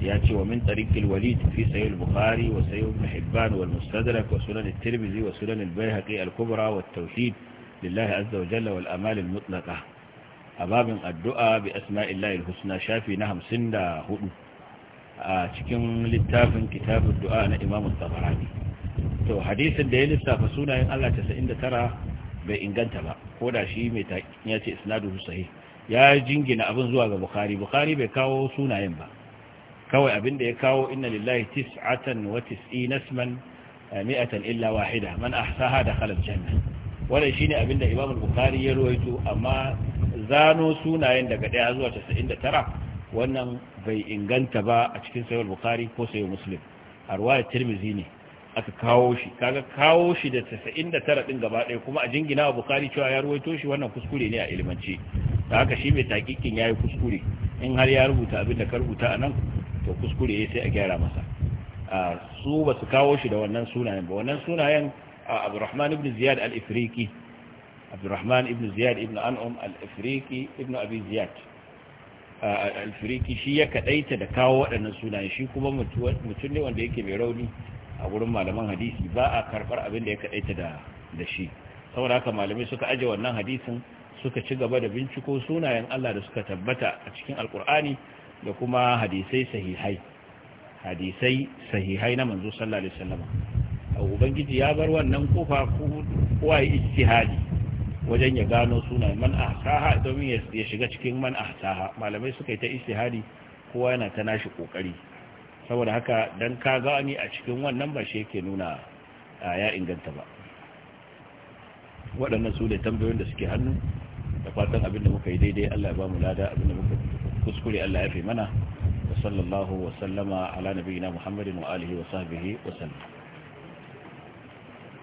ya ce wa min tsarikil walid fi sahih al-bukhari wa sahih ibn hibban wal mustadrak wa sunan at-tirmidhi wa sunan al-baihaqi al-kubra wa at-tawhid lillahi azza wa jalla wal amal al-mutlaqa ababin addu'a bi asma'illahi al-husna shafi na 54 a cikin littafin kitabun du'a na imamu tsabarani to hadisin da ya lissafa sunayen Allah 99 bai inganta ba ko da shi mai taƙin ya ce isnadu ya jingina abin zuwa ga bukhari bukhari bai kawo sunayen ba kawai abin da ya kawo inna lillahi tis'atan wa nasman isman eh, mi'atan illa wahida man ahsaha dakhala aljanna wannan shine abin da imam bukhari ya ruwaito amma zano sunayen daga ɗaya zuwa da tara? wannan bai inganta ba a cikin sayar bukari ko sayar muslim a ruwayar tirmizi ne aka kawo shi kaga kawo shi da 99 din gaba ɗaya kuma a jingina wa bukari cewa ya ruwaito shi wannan kuskure ne a ilimance da haka shi mai takikin ya yi kuskure in har ya rubuta abin da ka rubuta a nan to kuskure ya sai a gyara masa su ba su kawo shi da wannan sunayen ba wannan sunayen abdurrahman ibn ziyad al-ifriqi abdurrahman ibn ziyad ibn an'um al ifriki ibn abi ziyad alfiriki shi ya kadaita da kawo waɗannan sunaye shi kuma mutum ne wanda yake mai rauni a wurin malaman hadisi ba a karɓar abin da ya kadaita da shi saboda haka malamai suka aje wannan hadisin suka ci gaba da binciko sunayen Allah da suka tabbata a cikin alkur'ani da kuma hadisai sahihai hadisai sahihai na manzo sallallahu alaihi wasallam ubangiji ya bar wannan kofa ko wai ijtihadi wajen ya gano suna man saha domin ya shiga cikin man saha malamai suka yi ta hari kowa yana ta nashi kokari saboda haka dan ka gani a cikin wannan ba shi yake nuna ya inganta ba waɗannan su da tambayoyin da suke hannu da fatan abinda muka yi daidai Allah ya ba mu lada abinda muka kuskure Allah ya fi mana wa sallallahu wa sallama ala nabiyina Muhammadin wa alihi wa sahbihi wa sallam